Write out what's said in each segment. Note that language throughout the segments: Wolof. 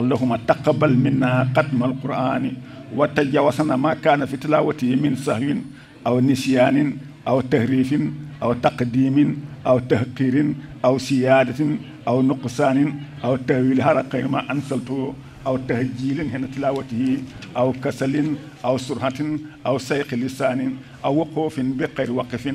اللهم تقبل منا قدم القرآن وتجاوزنا ما كان في تلاوته من سهو أو نسيان أو تهريف أو تقديم أو تهكير أو سيادة أو نقصان أو تهويل هرق ما أنسلته أو تهجيل هنا تلاوته أو كسل أو سرعة أو سيق لسان أو وقوف بغير وقف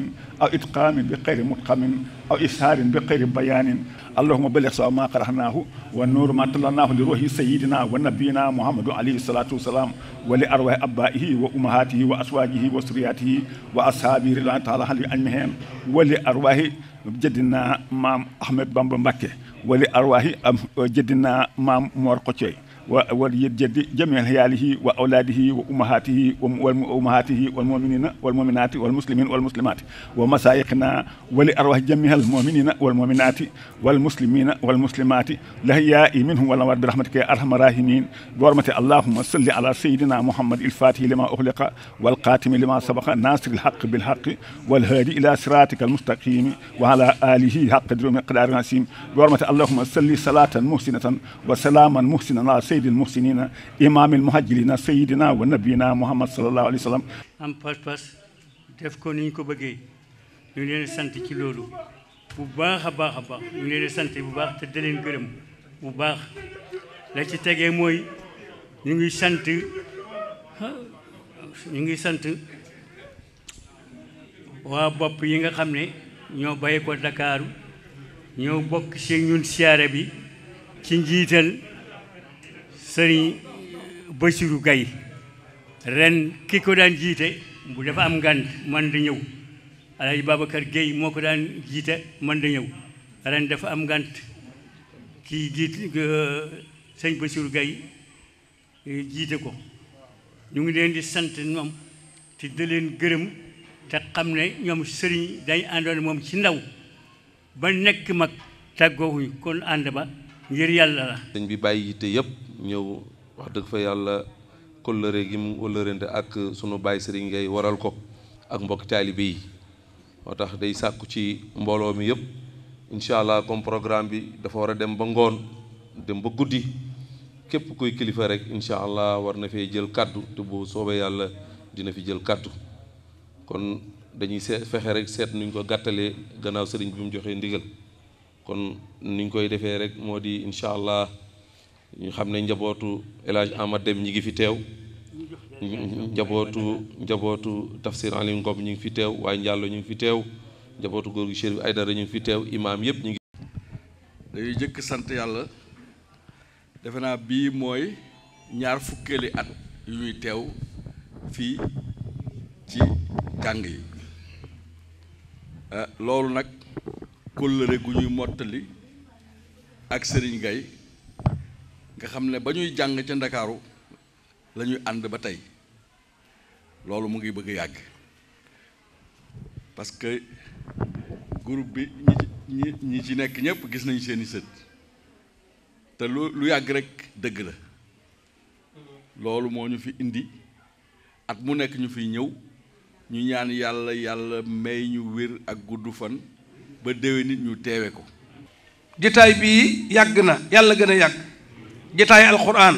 أو إتقام بغير متقم أو إسهار بغير بيان اللهم بلغ سوى ما قرأناه والنور ما طلناه لروح سيدنا ونبينا محمد عليه الصلاة والسلام ولأرواح أبائه وأمهاته وأسواجه وسرياته وأصحابه رضوان تعالى عليهم أجمعين ولأرواح جدنا مام أحمد بامبا مكة ولأرواح جدنا مام مور وولي الجد جميع عياله وأولاده وأمهاته وأمهاته والمؤمنين والمؤمنات والمسلمين والمسلمات ومسايقنا ولأرواح جميع المؤمنين والمؤمنات والمسلمين والمسلمات لهياء منهم والأمر برحمتك يا أرحم الراحمين بحرمة اللهم صل على سيدنا محمد الفاتح لما أغلق والقاتم لما سبق ناصر الحق بالحق والهادي إلى صراطك المستقيم وعلى آله حق قدر من قدر عظيم اللهم صل صلاة محسنة وسلاما محسنا على seydil muhsinina imaamil muhajirina sayidina wa nabiyina muhammad sallallahu alayhi wa sallam am pas-pas def ko ni ko bëggee ñu leen sant ci loolu bu baax a baax a baax ñu leen sant bu baax te di gërëm bu baax la ci tegee mooy ñu ngi sant ñu ngi sant waa bopp yi nga xam ne ñoo bàyyi ko Dakar ñoo bokk ci ñun siyaare bi ci njiital sëriñ Bassirou gay ren ki ko daan jiite bu dafa am ngànt man da ñëw Alaaji Babacar Gueye moo ko daan jiite man da ñëw ren dafa am ngànt kii jiit euh, sëñ Bassirou Gaye euh, jiite ko ñu ngi leen di sant ñoom te da leen gërëm te xam ne ñoom sëriñ dañ àndoon moom ci ndaw ba nekk mag tàggoowuñ kon ànd ba ngir yàlla la sëñ bi bàyyi yitte yëpp ñëw wax dëgg fa yàlla kóllëre gi mu wëllërente ak sunu baay sëriñ ngay waral ko ak mbokk taalibe yi moo tax day sàkku ci mbooloo mi yëpp incha allah comme programme bi dafa war a dem ba ngoon dem ba guddi képp kuy kilifa rek incha allah war na fee jël kàddu te bu soobee yàlla dina fi jël kàddu kon dañuy seet fexe rek seet nuñ ko gàttalee gannaaw sëriñ bi mu joxee ndigal kon niñ koy defee rek moo di incha allah ñu xam ne njabootu El Hadj Amad ñi ngi fi teew njabootu njabootu tafsir Aliou ñu ngi fi teew waaye Njàllo ñu ngi fi teew njabootu góor gi Chérif Aydara ñu ngi fi teew imaam yëpp ñu ngi dañuy jëkk sant yàlla defe naa bii mooy ñaar fukkeeli at yu ñuy teew fii ci jàng yi eh, loolu nag kóllëre gu ñuy mottali ak sëriñ gay nga xam ne ba ñuy jàng ca ndakaaru la ñuy ànd ba tey loolu mu ngi bëgg yàgg parce que groupe bi ñi ci ñi ci nekk ñëpp gis nañu seeni sët te lu lu yàgg rekk dëgg la loolu moo ñu fi indi at mu nekk ñu fi ñëw ñu ñaan yàlla yàlla may ñu wér ak gudd fan ba déwé nit ñu teewe ko jataay bii yàgg na yàlla gën a yàgg jotaay alquran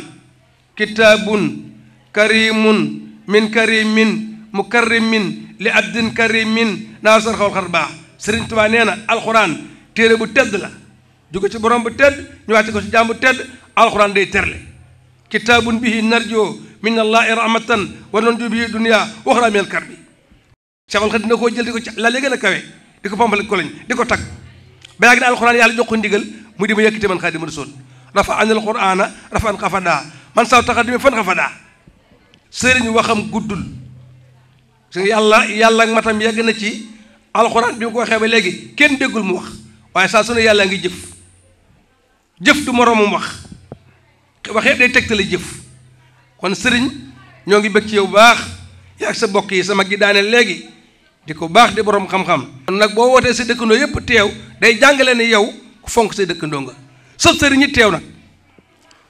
kitabun karimun min karimin mukarrimin li abdin karimin nasar khol xawl xar baax sëriñ na alquran tere bu tedd la jóge ci borom bu tedd ñu ko ci tedd alquran day terle kitabun bihi narjo min allahi rahmatan wa nunju bihi dunia wa karbi kar bi sabal xa dina koo jël diko la léegi gën a kawe di ko lañ diko tak tag alquran yalla jox ko ndigal mu di ma man rasul rafa anil qur'ana an khafada man sa taxadimi fan khafada serigne waxam guddul su yalla yalla ak matam yegg na ci alxuraan bi ko waxee ba léegi kenn déggul mu wax waye sa sunu yalla ngi jëf jëf du mu wax waxe day tegtale jëf kon serigne ñoo ngi ci yow bax sa bokk sama gi daane legi di bax di borom xam-xam. nak bo wote wootee dekk no yep teew day jangale ni yow fonk sa dekk ndonga sëf sëriñ ñi teew na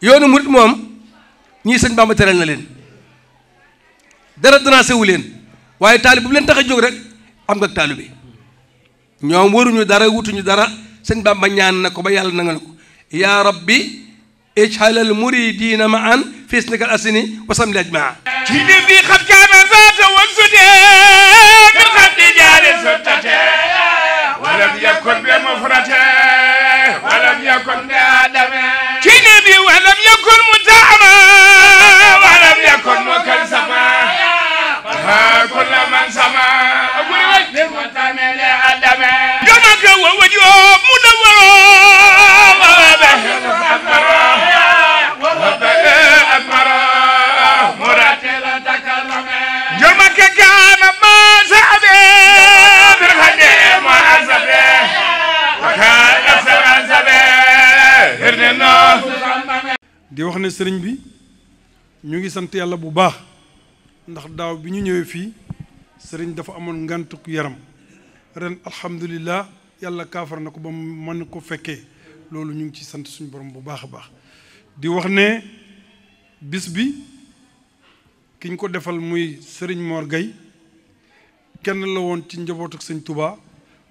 yoonu murit moom ñii sëñ Bamba teral na leen dara danaase wu leen waaye taalib bu leen tax a jóg rek am nga taalu bi ñoom waruñu dara wutuñu dara sëñ Bamba ñaan na ko ba yàlla nangal ko yaa rabbi ijhalal muridina ma an fiis nikal asini wasam li ajmaa ci def yi xam kaana saata wan sutee bi xam di jaare sottate walam yakon be mufrate ولم يكن بآدمه كنبي ولم يكن متعما ولم يكن مكلسما ها كل من سما للمتعمل آدمه يومك ووجوه مدور di wax ne sëriñ bi ñu ngi sant yàlla bu baax ndax daaw bi ñu ñëwee fii sëriñ dafa amoon ngantuk yaram ren alhamdulilah yàlla kaafar na ko ba mën ko fekkee loolu ñu ngi ci sant suñu borom bu baax a baax di wax ne bis bi ki ñu ko defal muy sëriñ Mor Gueye kenn la woon ci njabootu sëñ tubaa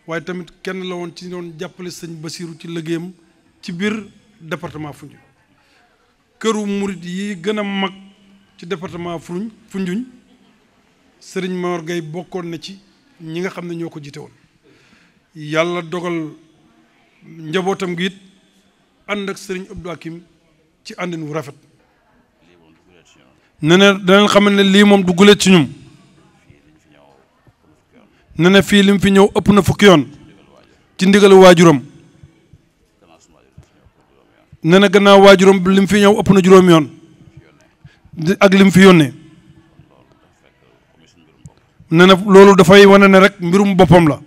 waaye tamit kenn la woon ci doon jàppale sëñ Basiru ci liggéeyam ci biir département Foundiougne këru murit yi gën a mag ci département Foundiougne Foundiougne Serigne Mor Gueye bokkoon na ci ñi nga xam ne ñoo ko jiite woon yàlla dogal njabootam gi it ànd ak sëriñ Abdou Hakim ci àndin wu rafet ne ne danañ ne lii moom du gulet ci ñum ne ne fii fi ñëw ëpp na fukki yoon ci ndigalu waajuram nee na gannaaw waajuram li mu fi ñëw ëpp na juróom yoon ak li fi yónnee nee na loolu dafay wane ne rek mbirum boppam la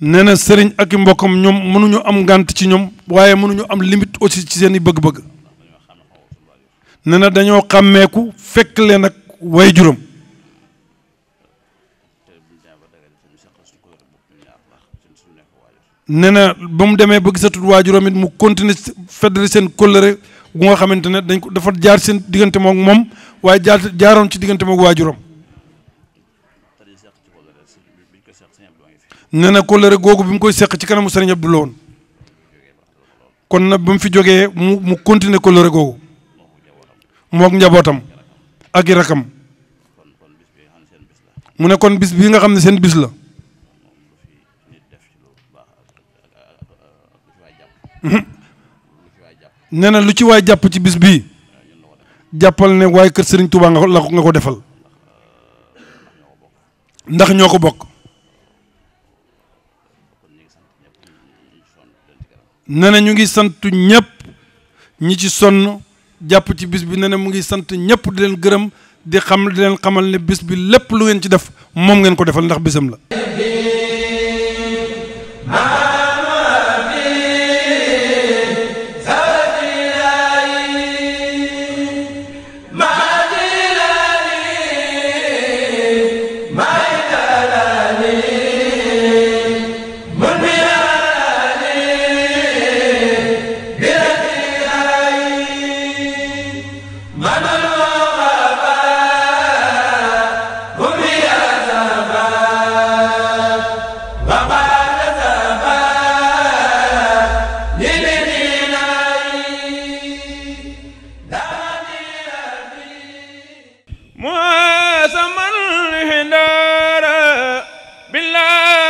nee na sëriñ ak i mbokkam ñoom mënuñu am ngànt ci ñoom waaye mënuñu am limite aussi ci seen yi bëgg-bëgg nee na dañoo xàmmeeku fekk leen ak waajuram nee na ba mu demee ba gisatul waajuram it mu continuer feddali seen kóllëre gu nga xamante ne dañ ko dafa jaar seen diggante mook moom waaye jaar jaaroon ci diggante mook waajuram nee na kóllëre googu bi mu koy seq ci kanamu sëriñ Abdou la woon kon nag ba mu fi jogee mu mu continuer kóllëre googu mook njabootam ak i rakam mu ne kon bis bi nga xam ne seen bis la nee lu ci waay jàpp ci bis bii jàppal ne waay kër Serigne Touba nga ko nga ko defal ndax ñoo ko bokk nee na ñu ngi sant ñëpp ñi ci sonn jàpp ci bis bi nee na mu ngi sant ñëpp di leen gërëm di xam di leen xamal ne bis bi lépp lu ngeen ci def moom ngeen ko defal ndax bisam la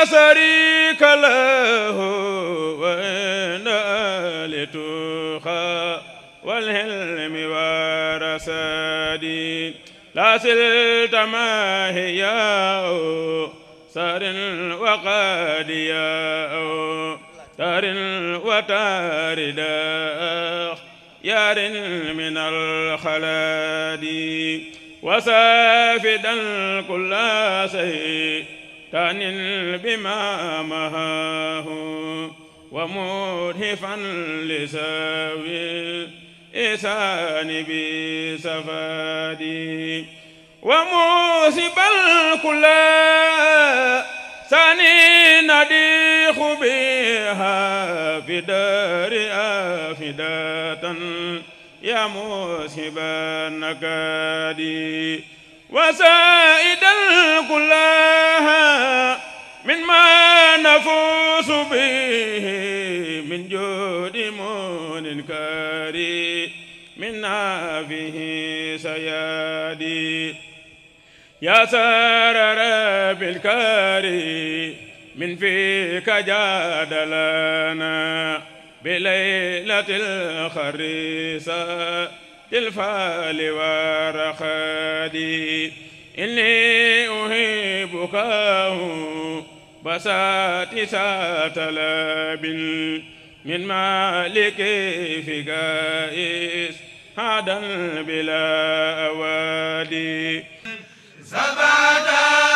لا شريك له وإنا لتوخى والهلم ورسادي لا سلت ما هي سر وقاديا تار وتارداخ يار من الخلاد وسافدا كل شيء تنل بما مهاه ومرهفا لساوي الإحسان بسفادي وموسب الكل ثاني نديخ بها في دار أفداة يا موسب النكادي وسائد من ما نفوس به من جود كاري من عافه سيادي يا سرر بالكريم من فيك جادلنا بليلة الخريصة للفال والرخاد إني أهيبك بسات سات لاب من مالك قائس هذا بلا أوادي زبادا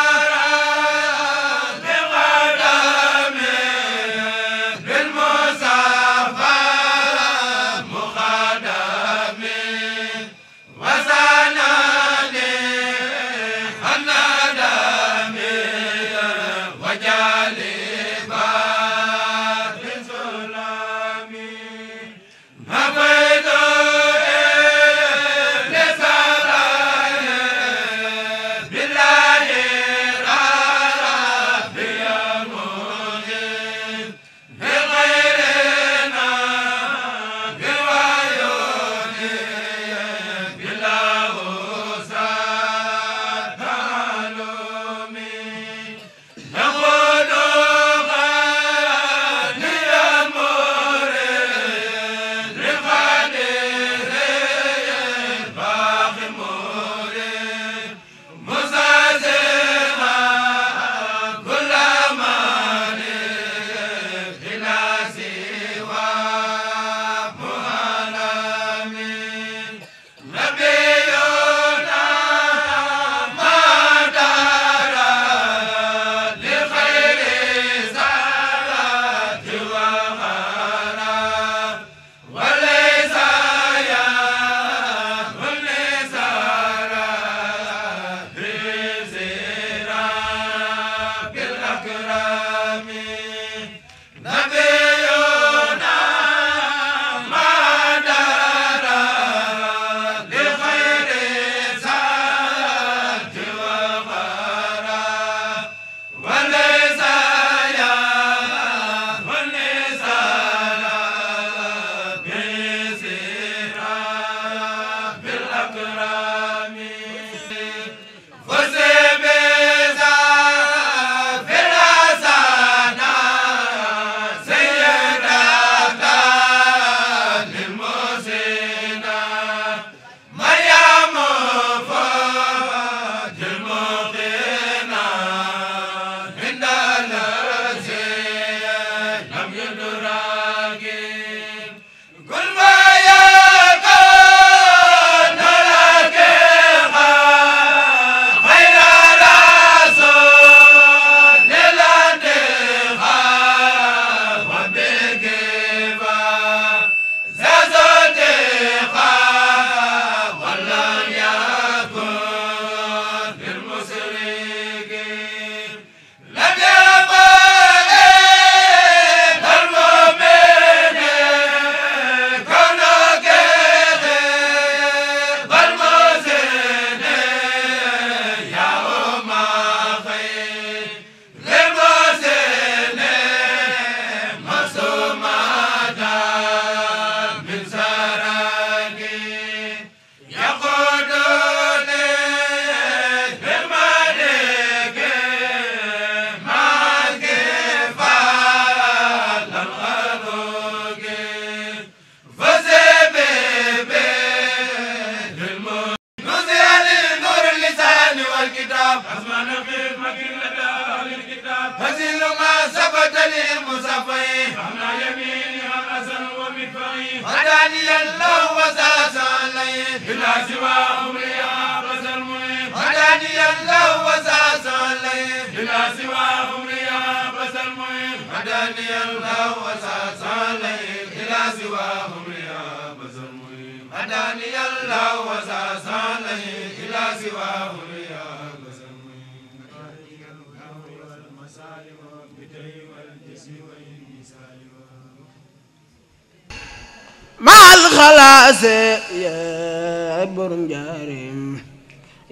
العسى يا برجارم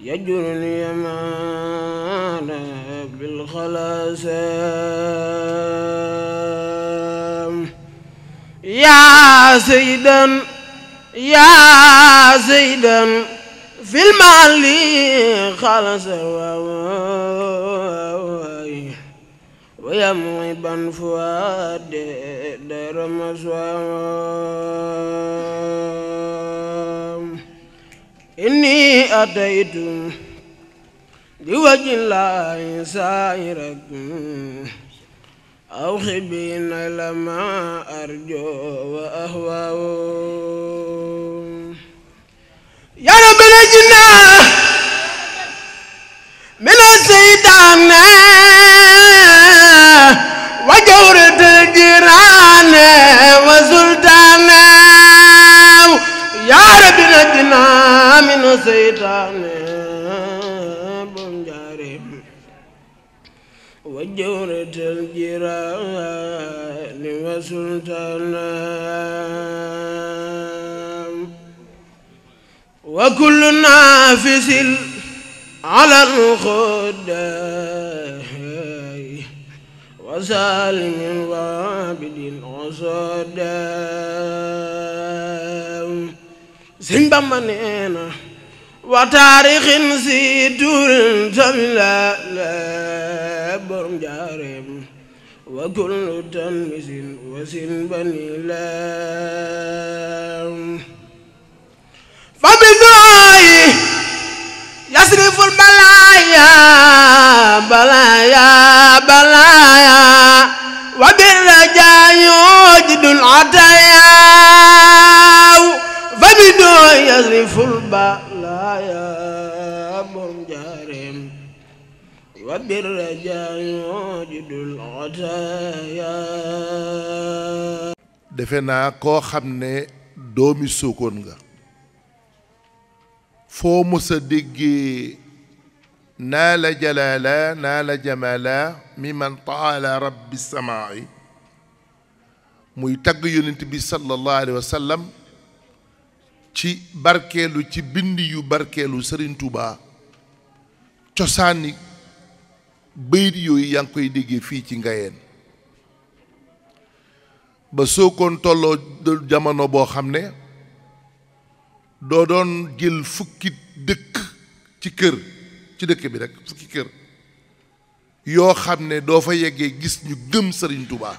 يجر اليمان بالخلاص يا سيدا يا سيدا في المعلي خلاصة ويمغبا فؤاد دار مسوام إني أتيت بوجه الله سائركم أو خبين لما أرجو وأهواه يا رب الجنان من الزيدان وجورة الجيران وسلطان يا رب نجنا من الزيدان وجورة الجيران وسلطان وكل نافس على الخدى وسالم وعابد وصدى سنبا منينا وتاريخ نسيت تملا لا برم جارم وكل تنمس وسن بني لام فبذاي yasriful balaya balaya balaya wa birraja yujidul ataya fa bido yasriful balaya munjarim wa birraja yujidul ataya defe naa koo xam ne doomi Sokone nga foo mës a déggee naa la jalaala naa la jamaala mi man taala rabbi samaai muy tagg yonent bi sallallahu alayhi wa sallam ci barkeelu ci bind yu barkeelu Sëriñ Tuubaa cosaani bayit yooyu yaa ngi koy déggee fii ci Ngayeen ba soo koon tolloo jamono boo xam ne doo doon jël fukki dëkk ci kër ci dëkk bi rekk fukki kër yoo xam ne doo fa yeggee gis ñu gëm sëriñ Touba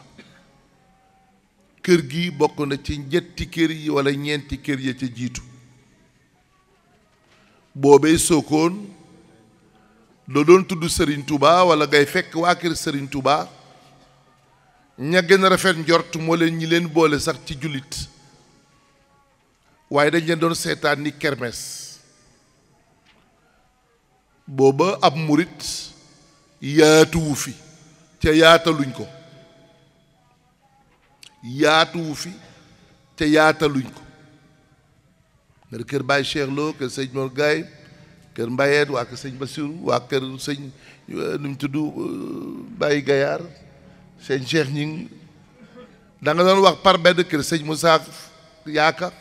kër gi bokk na ci ñetti kër yi wala ñeenti kër ya ca jiitu boobee sookoon doo doon tudd sëriñ Touba wala ngay fekk waa kër sëriñ Touba ña gën a rafet njort moo leen ñi leen boole sax ci jullit waaye dañ leen doon seetaan ni kermes booba ab murit yaatuwu fi te yaataluñ ko yaatuwu fi te yaataluñ ko nga kër Baye Cheikh Lo kër sëñ Mor Gaye kër Mbayeen waa kër sëñ Bassirou waa kër sëñ nu mu tudd Baye Gayaar sëñ Cheikh ñing da nga doon wax par benn kër sëñ Moussa Yaaka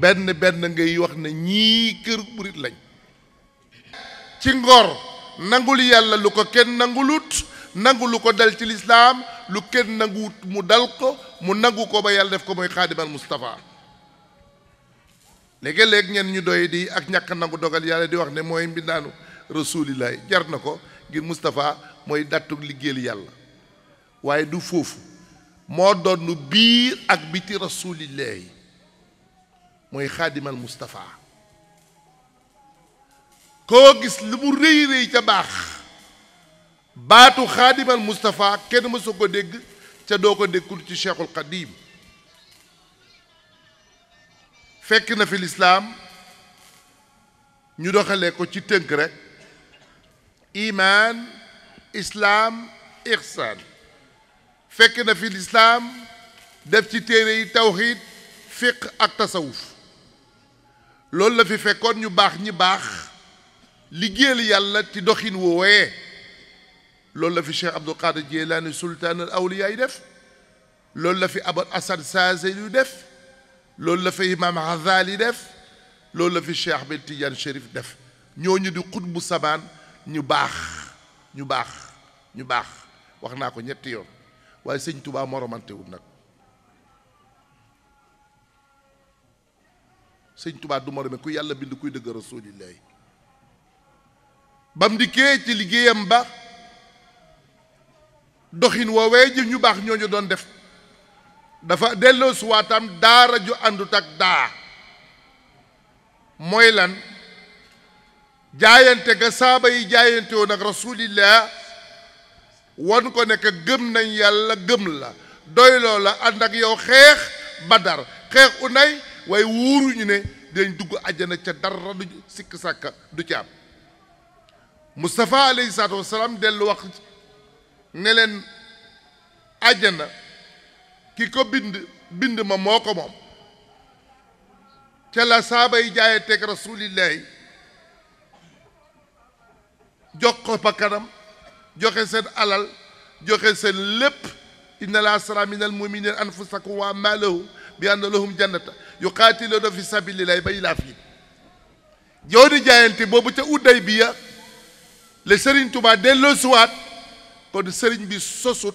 benn benn ngay wax na ñii kër murit lañ ci ngor nangul yàlla lu ko kenn nangulut nangu lu ko dal ci lislaam lu kenn nanguwut mu dal ko mu nangu ko ba yàlla def ko mooy xaadimal Moustapha léegi-léeg ñen ñu doy di ak ñàkk nangu dogal yàlla di wax ne mooy mbindaanu rasulillahi jar na ko ngir Moustapha mooy dàttug liggéeyal yàlla waaye du foofu moo doon biir ak biti rasulillahi mooy xaadimal mustafa ko gis limu reey reey ca bax batu baatu xaadimal Moustapha kenn mësu ko deg ca doo ko déggul ci Cheikhul Qadim fek na fi l'islam ñu doxale ko ci teunk rek iman islam ihsan fek na fi l'islam def ci téré yi tawhid fiqh ak tasawuf loolu la fi fekkoon ñu baax ñi baax liggéeyal yàlla ci doxin woowee loolu la fi Cheikh Abdou Qadir Jeylaani sultaan al awliya yi def loolu la fi Abul Asad Saazeli yu def loolu la fi Imaam Ghazali def loolu la fi Cheikh Ahmed Tidiane Chérif def ñooñu di xutbu sabaan ñu baax ñu baax ñu baax wax naa ko ñetti yoon waaye sëñ Tuubaa moromante wul nag sëñ tubaa du morome ku yàlla bind kuy dëgg rasulillahi bam dikkee ci liggéeyam ba doxin woowee jëf ñu baax ñoo ñu doon def dafa delloo suwaatam daara ju àndut ak daa mooy lan jaayante ga saaba yi jaayante woon ak rasulillah wan ko nekk gëm nañ yàlla gëm la doyloo la ànd ak yow xeex badar xeex unay waaye wóoruñu ne dañ dugg àjjana ca dara du sikk sàkka du ci am Moustapha aleyhi salaatu wasalaam dellu wax ne leen àjjana ki ko bind bind ma moo ko moom ca la saabay jaaye teg rasulillahi jox ko bakkanam joxe seen alal joxe seen lépp inna la asra min al muminina anfusakum wa amwalahum bi anna lahum jannata yuqaatiluuna fi sabilillahi ba ilaafiin jooni jaayante boobu ca Udaybiya la sëriñ Tuubaa delloo suwaat kon sëriñ bi sosut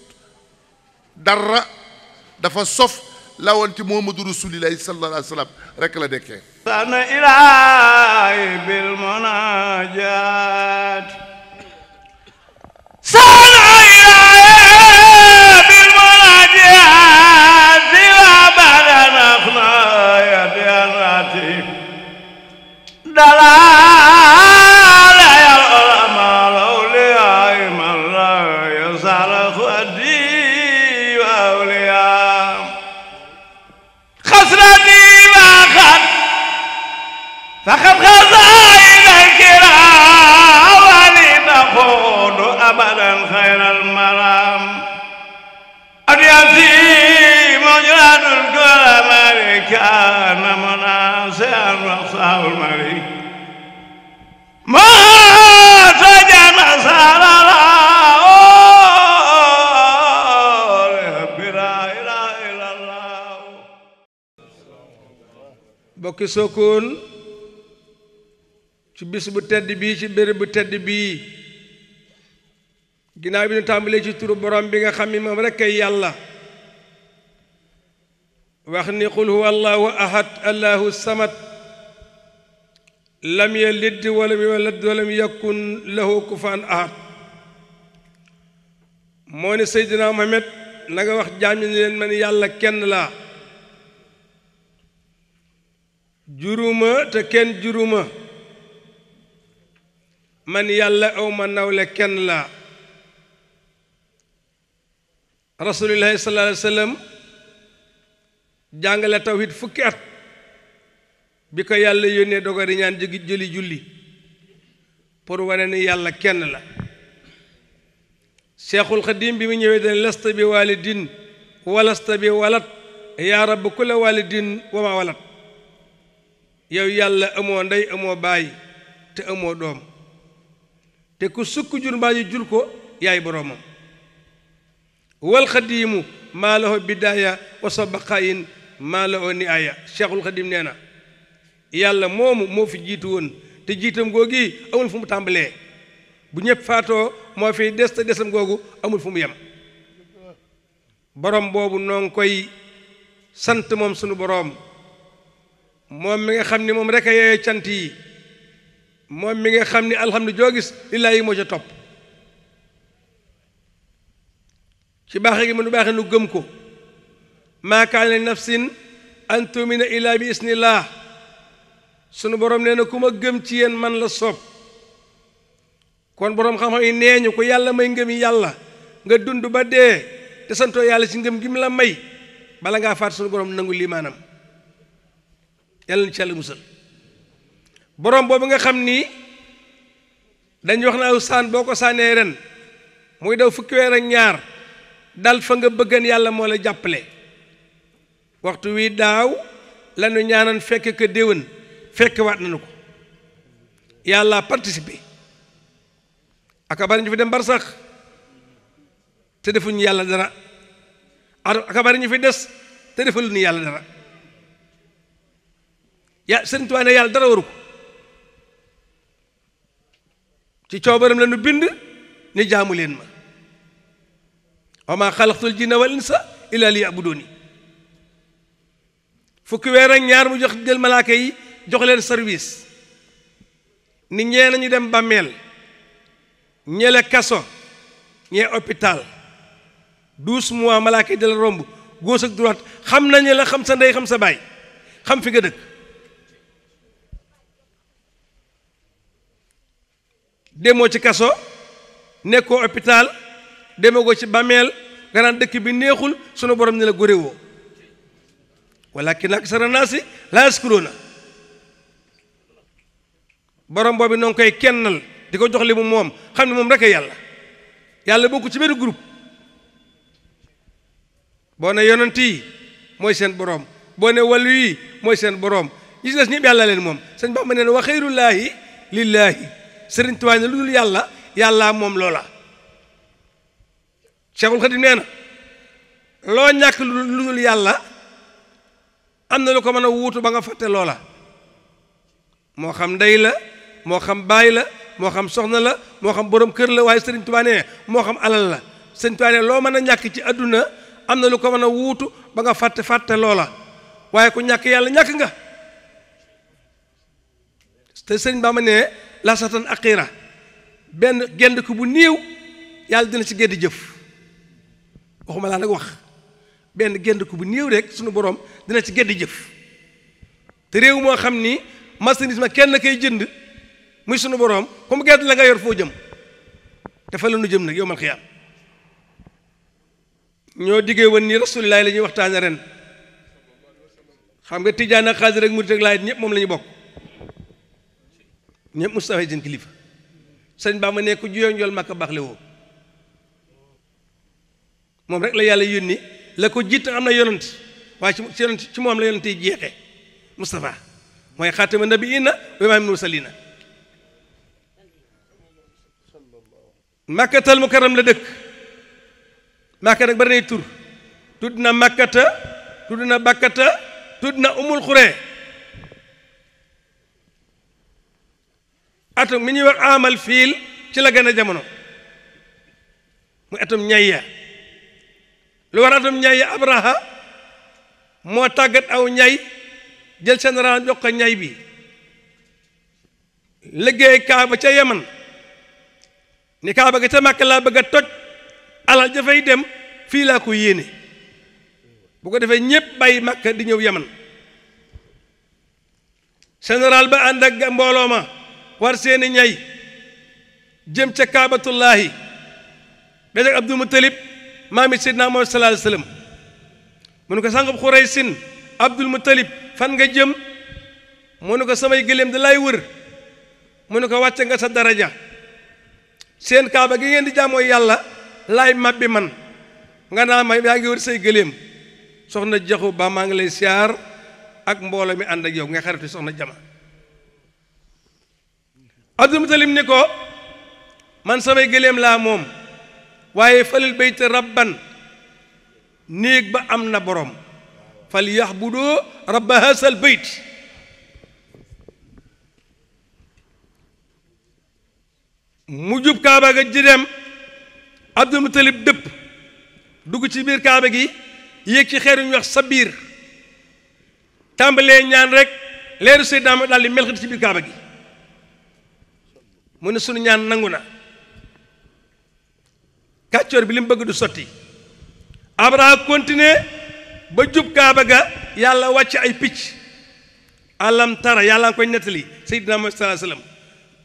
dara dafa sof la woon ci Muhammadu Rasulillahi sallallahu alayhi wa sallam rek la dekkee sana ilaahi bil munaajaat كان مناسعا وصاب المريض ما سجن سررا bokki Sokone ci bis bu tedd bii ci béréb bu tedd bii ginnaaw bi ñu tàmbalee ci turu borom bi nga xam ni moom rekk ay yàlla واخني قل هو الله احد الله الصمد لم يلد ولم يولد ولم يكن له كفان احد مون سيدنا محمد نغا واخ جامي لين من يالا كين لا جروما تا كين جروما من يالا او من نولا كين لا رسول الله صلى الله عليه وسلم jàngale tawhid fukki at bi ko yàlla yónnee dogari ñaan jëgi jëli julli pour wane ni yàlla kenn la cheikhul xadim bi mu ñëwee dana lasta bi walidin walasta bi walat yaa rabb ku la walidin wa ma walat yow yàlla amoo ndey amoo baay te amoo doom te ku sukk jur mbaa ji ko yaay boroomam wal xadiimu maa lahu bidaaya wa maa la oo ni aya cheikhul xadim nee na yàlla moomu moo fi jiitu woon te jiitam googi amul fu mu tàmbalee bu ñëpp faatoo moo fi des te desam googu amul fu mu yem borom boobu noo koy sant moom sunu boroom moom mi nga xam ni moom rek a yeyoo cant yi moom mi nga xam ni alhamdulilah joo gis yi moo ca topp ci baaxe gi ma nu baaxe nu gëm ko maa kaana li nafsin an tumina illaa bi isnillah sunu borom nee na ku ma gëm ci yéen man la soob kon boroom xam-xam yi nee ñu ko yàlla may ngëm yi yàlla nga dund ba dee te yàlla ci ngëm gi mu la may bala ngaa faat sunu borom nangu liimaanam yàlla na ci yàlla musal borom boobu nga xam ni dañu wax na aw saan boo ko sànnee ren muy daw fukki ak ñaar dal fa nga bëggan yàlla moo la jàppale waxtu wi daaw lañu ñaanan fekk ko déwén fekk waat nañu ko yàlla participé aka bari ñu fi dem bar te defuñu yàlla dara aka bari ñu fi des te defaluñu yàlla dara yà sëriñ Tuubaa yàlla dara waru ko ci coobaram la ñu bind ni jaamu leen ma wa maa xalaqtul jinna wal insa illa liya'buduni fukki weer ak ñaar mu jox jël malaaka yi jox leen service ni ñee nañu dem bàmmeel ñele kaso ñee hôpital douze mois malaaka yi dal romb góos ak droite xam nañu la xam sa ndey xam sa baay xam fi nga dëkk démoo ci kaso nekkoo hôpital demoo ko ci bàmmeel nga naan dëkk bi neexul sunu borom ni la góorewoo walakin aksara naasi laa yaskuruuna borom boobu noo ngi koy kennal di ko jox li mu moom xam ne moom rek yàlla yàlla bokku ci benn groupe boo ne yi mooy seen borom boo ne wàllu yi mooy seen borom ñi si des yàlla leen moom sëñ Bamba nee na wa xayrullaahi lillaahi sëriñ Tuubaa ne lu dul yàlla moom loola Cheikhul Khadim nee loo ñàkk lu dul yàlla am na lu ko mën a wuutu ba nga fàtte loola moo xam ndey la moo xam bàyyi la moo xam soxna la moo xam borom kër la waaye sëriñ Tuubaa moo xam alal la sëriñ Tuubaa loo mën a ñàkk ci àdduna am na lu ko mën a wuutu ba nga fàtte fàtte loola waaye ku ñàkk yàlla ñàkk nga te sëriñ Bamba nee lasatan aqira benn gend ko bu néew yàlla dina ci gédd jëf waxuma laa nag wax benn génd ku bu néew rek suñu borom dina ci gedd jëf te réew moo xam ni marchandise kenn kay jënd muy sunu borom comme gedd la nga yor foo jëm dafa la nu jëm nag yow mal xiyaam ñoo diggee woon nii rasulilaay lañuy ñuy waxtaane ren xam nga tijaan ak xaadir ak murit ak laayit ñëpp moom lañu ñu bokk ñëpp Moustapha seen kilifa sëñ Bamba ne ku juyoo njool màkk baax le woo moom rek la yàlla yónni la ko jiit am na yonent waaye ci yonent ci la yonent yi jeexee mooy xaatama nabiina wa imaamil mursaliina màkkatal mukarram la dëkk màkka nag bari tur tudd na màkkata tudd na bàkkata tudd na umul xuree atum mi ñuy wax amal fiil ci la gën a jamono muy atum ñayya lu war atam ñay abraha moo tàggat aw ñay jël seen raan jox ko ñay bi liggéey kaaba ca yaman ni kaaba ga ca màkk laa bëgg a toj alal dafay dem fii laa ko yéene bu ko defee ñépp bàyyi màkk di ñëw yaman général ba ànd ak mbooloo ma war seeni ñay jëm ca kaabatullaahi daje ak Abdul Mutalib maami Seydina Muhammad sallallahu alayhi wa sallam mu ne ko sàngab xuray Abdul Muttalib fan nga jëm mu ne ko samay gëléem da lay wër mu ne ko wàcce nga sa daraja seen kaaba gi ngeen di jaamoo yàlla laay mabbi man nga naa may yaa ngi wër say gëléem soxna jaxu ba maa ngi lay siyaar ak mbooloo mi ànd ak yow nga xaritu soxna jama Abdul Muttalib ni ko man samay gëléem laa moom waye falil bayt rabban néeg ba amna borom fal rabb rabba haasal bayt mujub kaaba ga ji dem abdul mutalib dëpp dug ci bir kaaba gi yek ci xeru yu wax sabir tambale ñaan rek leeru Seydina Muhammad dal li melxit ci bir kaaba gi mu ne sunu ñaan nanguna kàccoor bi li mu bëgg du sotti Abraha continuer ba jub kaaba ga yàlla wàcc ay picc alam tara yàlla nga koy nettali seydina Muhammad sallallahu alayhi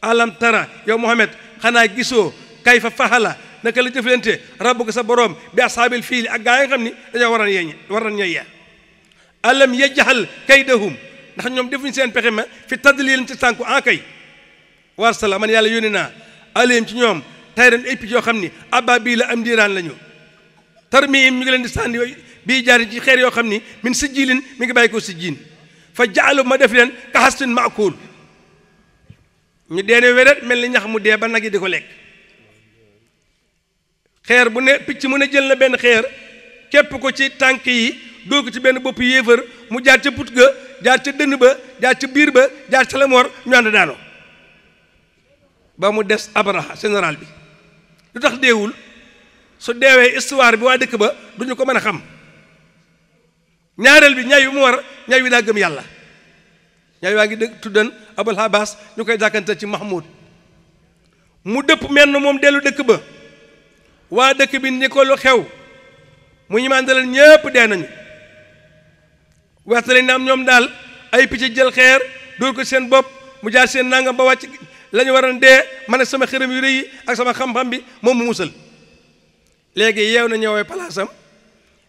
alam tara yow Muhammad xanaa gisoo kay fa faxala naka la jëflante rabbuka sa boroom bi asaabil fiili ak gaa yi nga xam ni dañoo war a yeeñ war nañ ñooy alam ndax ñoom defuñ seen pexe ma fi tadlil ci sànku en kay war sala man yàlla yónni naa ci ñoom tayran ay picc yoo xam ni abba bii la am ndiiraan la ñu tarmihim mi ngi leen di sànni bii jaar ci xeer yoo xam ni min sijjiilin mi ngi bàyyi ko sijjiin fa jaalu ma def leen ka xastin maakul ñu dee ne wéret mel ni ñax mu dee ba nag yi di ko lekk xeer bu ne picc mu ne jël na benn xeer képp ko ci tànk yi dóor ko ci benn bopp yéefar mu jaar ca put ga jaar ca dënn ba jaar ca biir ba jaar ca lamoor ñu ànd daanoo ba mu des abraha général bi lu tax deewul su deewee histoire bi waa dëkk ba duñu ko mën a xam ñaareel bi ñay wi mu war ñay wi daa gëm yàlla ñay waa ngi dëgg tuddan abul habas ñu koy dàkkante ci mahmoud mu dëpp menn moom dellu dëkk ba waa dëkk bi ni ko xew mu ñu màndaleen ñépp dee nañu waxtale na am ñoom daal ay picc jël xeer dóor ko seen bopp mu jaar seen nangam ba wàcc la ñu waroon dee man ak sama xërëm yu rëy yi ak sama xam-xam bi moom mu musal léegi yeew na ñëwee palaasam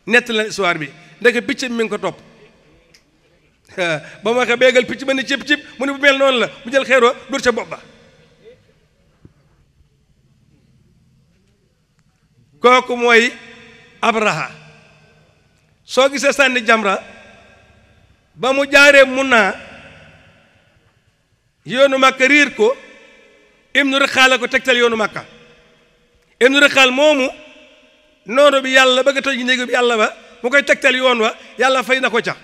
nett la histoire bi ndeke picc mi ngi ko topp ba ma waxee béegal picc ba ni cib cib mu ne bu mel noonu la bu jël xeer wa dur ca bopp ba kooku mooy abraha soo gisee sànni jamra ba mu jaaree mun naa yoonu màkk riir ko ibnu rëqaal a ko tegtal yoonu màkka ibnu rëqaal moomu noonu bi yàlla bëgg a toj néegu bi yàlla ba mu koy tegtal yoon wa yàlla fay na ko ca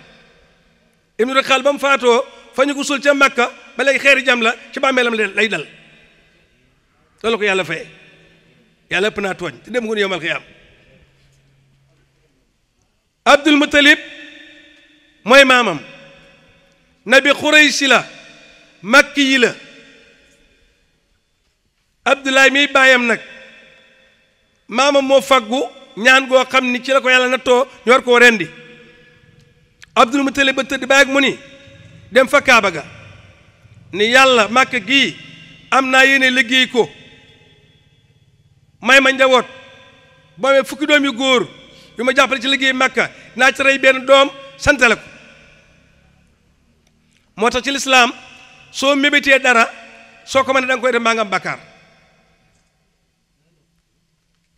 ibnu rëqaal ba mu faatoo fa ñu ko sul ca màkka ba léegi xeeri jam la ci bàmmeelam lay dal loolu ko yàlla fayee yàlla ëpp naa tooñ te dem ngun yomal xiyaam abdul muttalib mooy maamam nabi xuraysi la makki yi la abdoulaye miy baayam nag maamam moo faggu ñaan goo xam ni ci la ko yàlla nattoo ñu war koo rendi abdul mutalib ba tëdd baay ak ni dem fa kaaba ga ni yàlla màkk gii am naa yéene liggéey ko may ma njaboot ba amee fukki doom yu góor yu ma jàppale ci liggéey makka naa ci rey benn doom santale ko moo tax ci lislaam soo mébétee dara soo ko mënee da nga koy def maa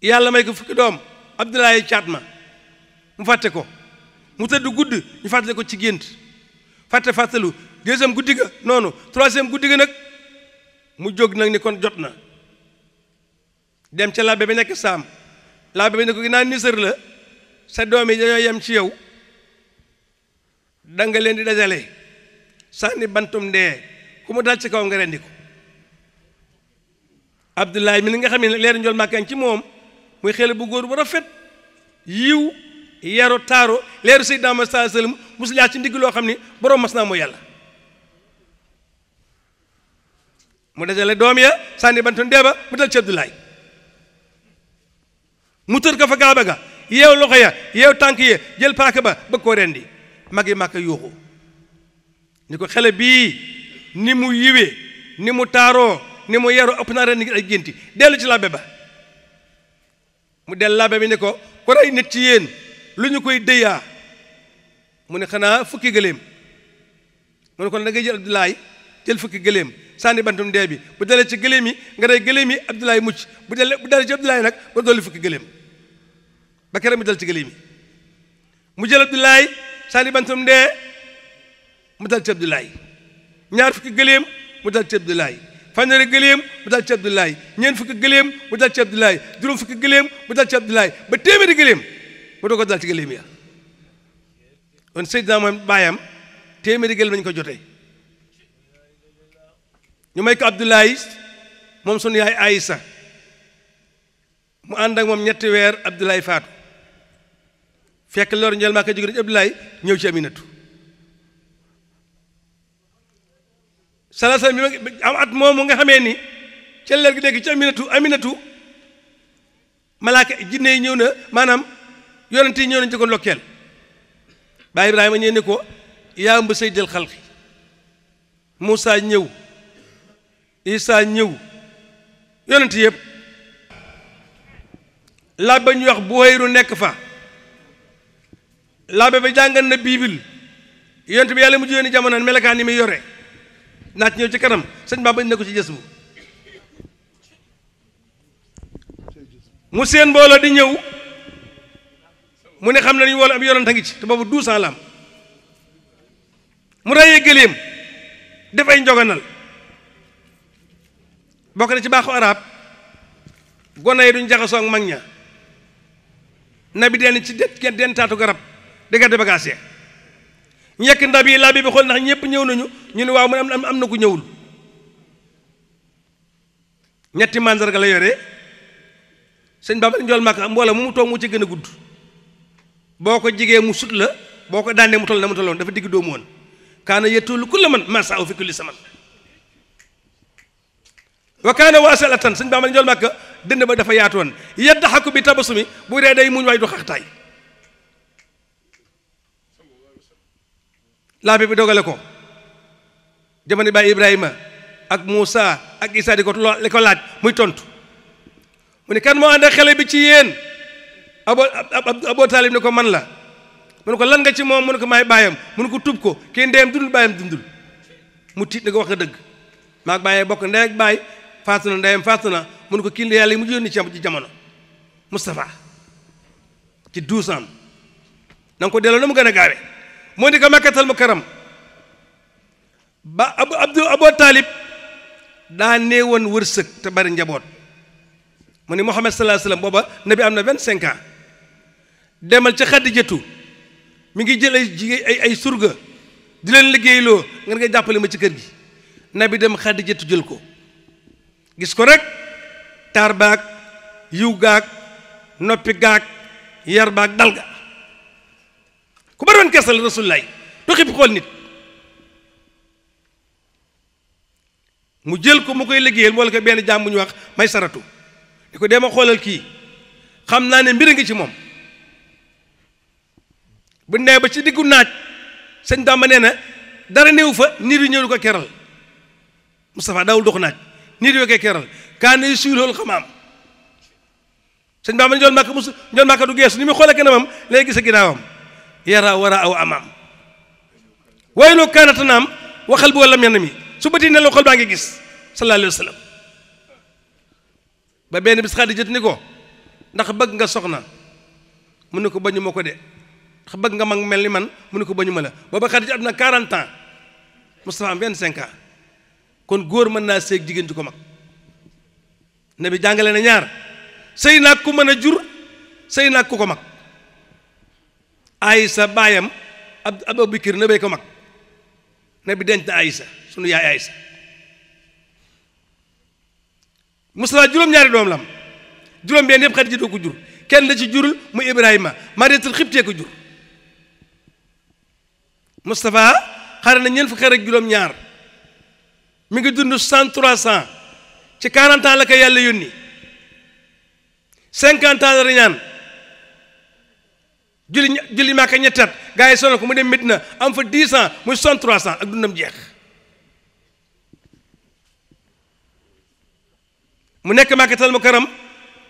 yàlla may ko fukki doom Abdoulaye caat ma mu fàtte ko mu tëdd gudd ñu fàttale ko ci gént fàtte fàttalu deuxième guddi ga noonu troisième guddi ga nag mu jóg nag ni kon jot na dem ca labbe bi nekk saam labbe bi ne ko ginnaaw nisër la sa doom yi dañoo yem ci yow da nga leen di dajale sànni bantum ndee ku mu dal ci kaw nga rendi ko Abdoulaye mi ni nga xam ne leer njool màkkaan ci moom muy xele bu góor bu rafet yiw yaru taaro leeru Seydina Muhammad sallallahu alayhi wasallam musul yaa ci ndigg loo xam ni borom mas naa moo yàlla mu dajale doom ya sànni bantu ndeeba mu dal ci Abdoulaye mu tër ka fa gaaba ga yeew loxo ya yeew tànk ya jël paaka ba bëgg koo rendi mag yi màkk yuuxu ni ko xele bii ni mu yiwee ni mu taaroo ni mu yaru ëpp naa ren ay génti dellu ci làbbe ba mu del laabe bi ne ko ku rey nit ci yéen lu ñu koy dëyaa mu ne xanaa fukki gëléem mu kon da ngay jël Abdoulaye jël fukki gëléem sànni bantum dee bi bu dalee ci gëléem yi nga rey gëléem yi Abdoulaye mucc bu dalee bu dalee ci nag nga dolli fukki gëléem ba keroog mu dal ci gëléem yi mu jël Abdoulaye sànni bantum dee mu dal ci Abdoulaye ñaar fukki gëléem mu dal ci Abdoulaye fanweeri gëléem bu dal ci Abdoulaye ñeent fukki gëléem bu dal ci Abdoulaye juróom fukki gëléem bu dal ci Abdoulaye ba téeméeri gëléem mu doog a dal ci gëléem ya kon Seydina Muhammad baayam téeméeri gëléem lañ ko jote ñu may ko moom sunu yaay Aïssa mu ànd ak moom ñetti weer Abdoulaye faatu fekk lor njël maa ko jóge Abdoulaye ñëw ci natu salaasa bi am at moomu nga xamee ni ca leer gi dégg ci aminatu aminatu malaaka jinne yi ñëw na maanaam yonent yi ñëw nañ ci ko lokkeel baa ibrahima ñëw ne ko yaa mba saydal xalqi Moussa ñëw Isa ñëw yonent yëpp labbe ñu wax Buhayru nekk fa labbe ba jàngan na biibil yonent bi yàlla mu jógee ni jamono melekaan yi muy yore naa ci ñëw ci kanam sëñ ba indi na ko ci jës bu mu seen mbooloo di ñëw mu ne xam na dañu wala ab yonent a ngi ci te boobu douze ans la mu reyee gëléem def ay njoganal bokk na ci baaxu arab gone yi duñ jaxasoo ak mag bi nabi denn ci den taatu garab di garde bagaas ñu yekk ndab yi laabi bi xool ndax ñëpp ñëw nañu ñu ne waaw mu am am na ku ñëwul ñetti mandarga la yore sëñ Baba njool màkk mboola mu mu toog mu ci gën a gudd boo ko jigee mu sut la boo ko daanee mu toll na dafa digg doomu woon kaana yettoolu ku la man masa aw fi kulli saman wa kaana waasal atan sëñ Baba njool màkk dënd ba dafa yaatoon yaddaxaku bi tabasumi bu ree day muñ waay du xaxtaay laabe bi dogale ko jamono baay ibrahima ak muusa ak isaa di ko li ko laaj muy tontu mu ne kan moo ànd ak xale bi ci yéen abo aboo taalib ne ko man la mu ne ko lan nga ci moom mu ne ko maay baayam mu ne ko tub ko kii ndeyam dundul baayam dundul mu tiit ne ko wax nga dëgg maag bàyyee bokk ndey ak baay faatu na ndeyam faatu na mu ko kii yàlla yi mu yónni ci jamono Moustapha ci douze ans na nga ko delloo na mu gën a gaawee moo di ko makkatal mu karam ba ab abdu aboo taalib daa néewoon wërsëg te bari njaboot mu ne Muhammad sallallahu alayhi wasallam booba nabi am na vingt cinq ans demal ca Xadijatu mi ngi jël ay ay surga di leen liggéeyloo nga ngay jàppale ma ci kër gi nabi dem Xadijatu jël ko gis ko rek taar baag yiw gaag noppi gaag yar baag dal ga ku bari woon kersa la rasulullaay du xib xool nit mu jël ko mu koy liggéeyal moo la ko benn jaam bu ñu wax may saratu di ko dee ma xoolal kii xam naa ne mbir a ngi ci moom bu nee ba ci diggu naaj sëñ Bamba nee na dara néew fa niir yu ñëw ko keral Moustapha daawul dox naaj niir yoo koy keral kaan yu suy loolu xamaam sëñ Bamba njool màkk mus njool màkk du geesu ni mu xoolee kanamam lay gis a ginnaawam yara wara aw amaam waaye loo kaanata naam waxal bu walam yenn mi su bëti ne loo baa ngi gis sallallahu alayhi wa sallam ba benn bis Xadijatu ni ko ndax bëgg nga soxna mu ne ko bañu ko de ndax bëgg nga mag mel ni man mu ne ko bañu ma la booba Xadija am na 40 ans Moustapha am kon góor mën naa seeg jigéen ko mag nabi jàngale na ñaar sëy naag ko mën a jur sëy naag ku ko mag aysa baayam abubakar na bay ko mag na bi denc na aysa sunu yaay aysa musa juróom-ñaari doom lam juróom benn yëpp xadija doo ko jur kenn la ci jurul mu ibrahima mariatul xibtee ko jur moustapha xare na ñeent fukki xare juróom-ñaar mi ngi dund cent trois cent ci quarante ans la ko yàlla yónni cinquante ans ñaan julli julli maaka ñetti at gars yi sonal ko mu dem Medina am fa 10 ans muy 63 ans ak dundam jeex mu nekk Makkatal Mukarram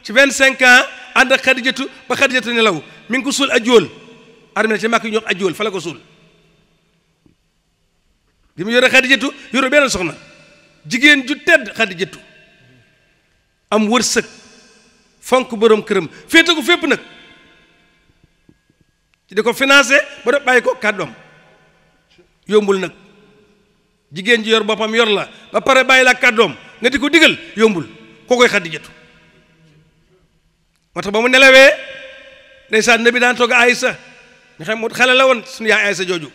ci cinq ans ànd ak Xadijatu ba Xadijatu nelaw mi ngi ko suul ajool armée ci Makka yi ñu wax ajool fa ko suul bi mu yore Xadijatu yore benn soxna jigéen ju tedd Xadijatu am wërsëg fonk boroom këram féete ko fépp nag. ci di ko financé ba def bàyyi ko kàddoom yombul nag jigéen ji yor boppam yor la ba pare bàyyi la kàddoom nga di ko digal yombul koo koy xadijatu moo tax ba mu nelawee ndeysaan nabi daan toog Aysa ñu xam mu xale la woon suñu yaay Aysa jooju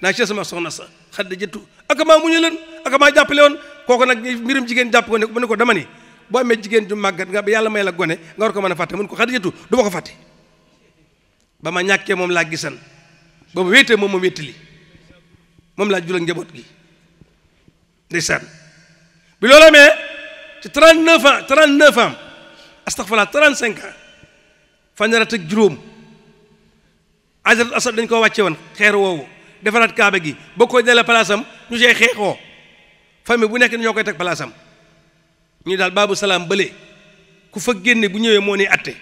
naa ci sama soxna sa xadijatu ak maa muñu leen ak maa jàppale woon kooku nag mbirum jigéen jàpp ko ne mu ne ko dama ni boo amee jigéen ju màggat nga yàlla may la gone nga war ko mën a fàtte mun ko xadijatu du ma ko fàtte ba ma ñàkkee moom laa gisan ba ma wéetee moom ma li moom laa jural njaboot gi ndeysaan bi loolu amee ci 39 ans 39 ans astaghfirullah 35 ans fanweer ak juróom Hajar al Aswad dañ koo wàcce woon xeer woowu defaraat kaaba gi boo ko jëlee palaasam ñu see xeexoo famille bu nekk ni ñoo koy teg palaasam ñu daal baabu salaam bële ku fa génne bu ñëwee moo ni atte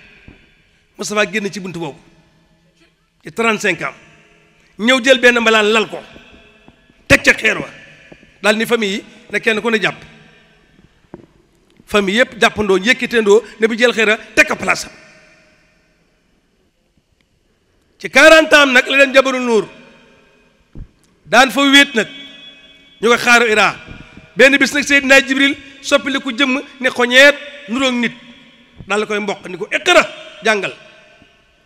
Moustapha génn ci bunt boobu ci 35 ans ñëw jël benn mbalaan lal ko teg ca xeer wa daal ni famille yi ne kenn ku ne jàpp famille yëpp jàppandoo yëkkitendoo ne bu jël xeer a teg ko place ci 40 ans nag la leen jabaru nuur daan fa wéet nag ñu ko xaaru Iraa benn bis nag Seydina Jibril soppili ku jëmm ne xoñeet nuroog nit daal koy mboq ni ko iqra jàngal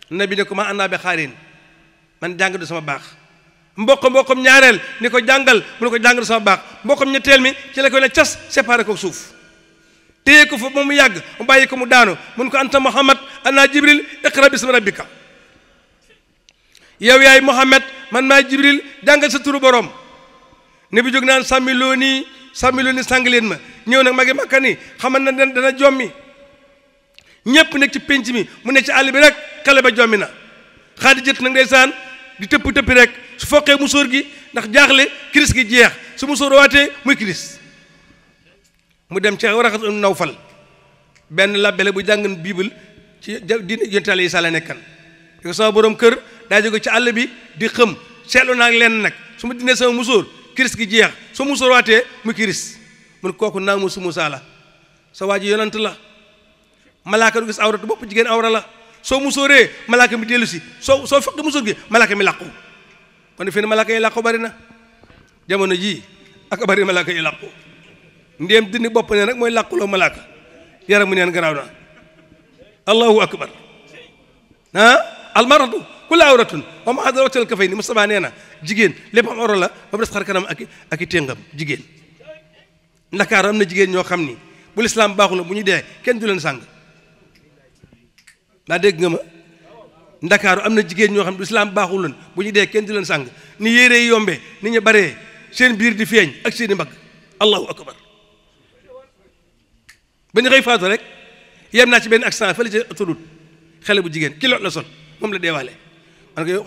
nabi ne ko ma ànnaa bi xaarin man jàng du sama baax mboq mboqam ñaareel ni ko jàngal mu ne ko jàng du sama baax mboqam ñetteel mi ci la koy ne cas séparé ko suuf téye ko fa mu yàgg mu bàyyi ko mu daanu mun ko anta muhammad ana jibril iqra bismi rabbika yow yaay muhammad man maa jibril jàngal sa turu borom ne bi jóg naan sàmmi loo nii sàmmi loo leen ma ñëw nag magi makka ni xamal na dana jommi ñëpp nekk ci pénc mi mu nekk ci àll bi rek xale ba jommi na xaadi jët nag ndeysaan di tëpp tëppi rek su foqee musóor gi ndax jaaxle kiris gi jeex su musóor waatee muy kiris mu dem ci waraxas um nawfal benn labbele bu jàng bible ci diine yontaale yi saa la nekkan yow sama borom kër daa jóge ci àll bi di xëm seetlu naa lenn nag su ma dindee sama musóor kiris gi jeex su musóor waatee mu kiris mun kooku naamu su musaa la sa waa ji yonant la malaaka du gis awratu bopp jigéen awra la soo musóoree malaaka mi dellu si soo soo fekk musóor gi malaaka mi làqu kon fi ne malaaka yi làqu bari na ji ak bari malaaka yi làqu ndéem dindi bopp ne nag mooy làquloo malaaka yaramu neen garaaw na allahu akbar ah almaratu kullu awratun ma adrawtil kafayni Mustafa nee na jigéen lépp am oro la ba mu des xar kanam ak ak jigéen ndakaar am na jigéen ñoo xam ni bu lislaam baaxul bu ñu dee kenn du leen sàng ndax dégg nga ma ndakaaru am na jigéen ñoo xam ne islaam baaxul leen bu ñu dee kenn di leen sàng ni yére yombe ni ñu baree seen biir di feeñ ak seen i mbagg allahu akbar ba ñu xëy faatu rek yem naa ci benn accident fële ci autoroute xale bu jigéen kilo la sol moom la deewaale man ko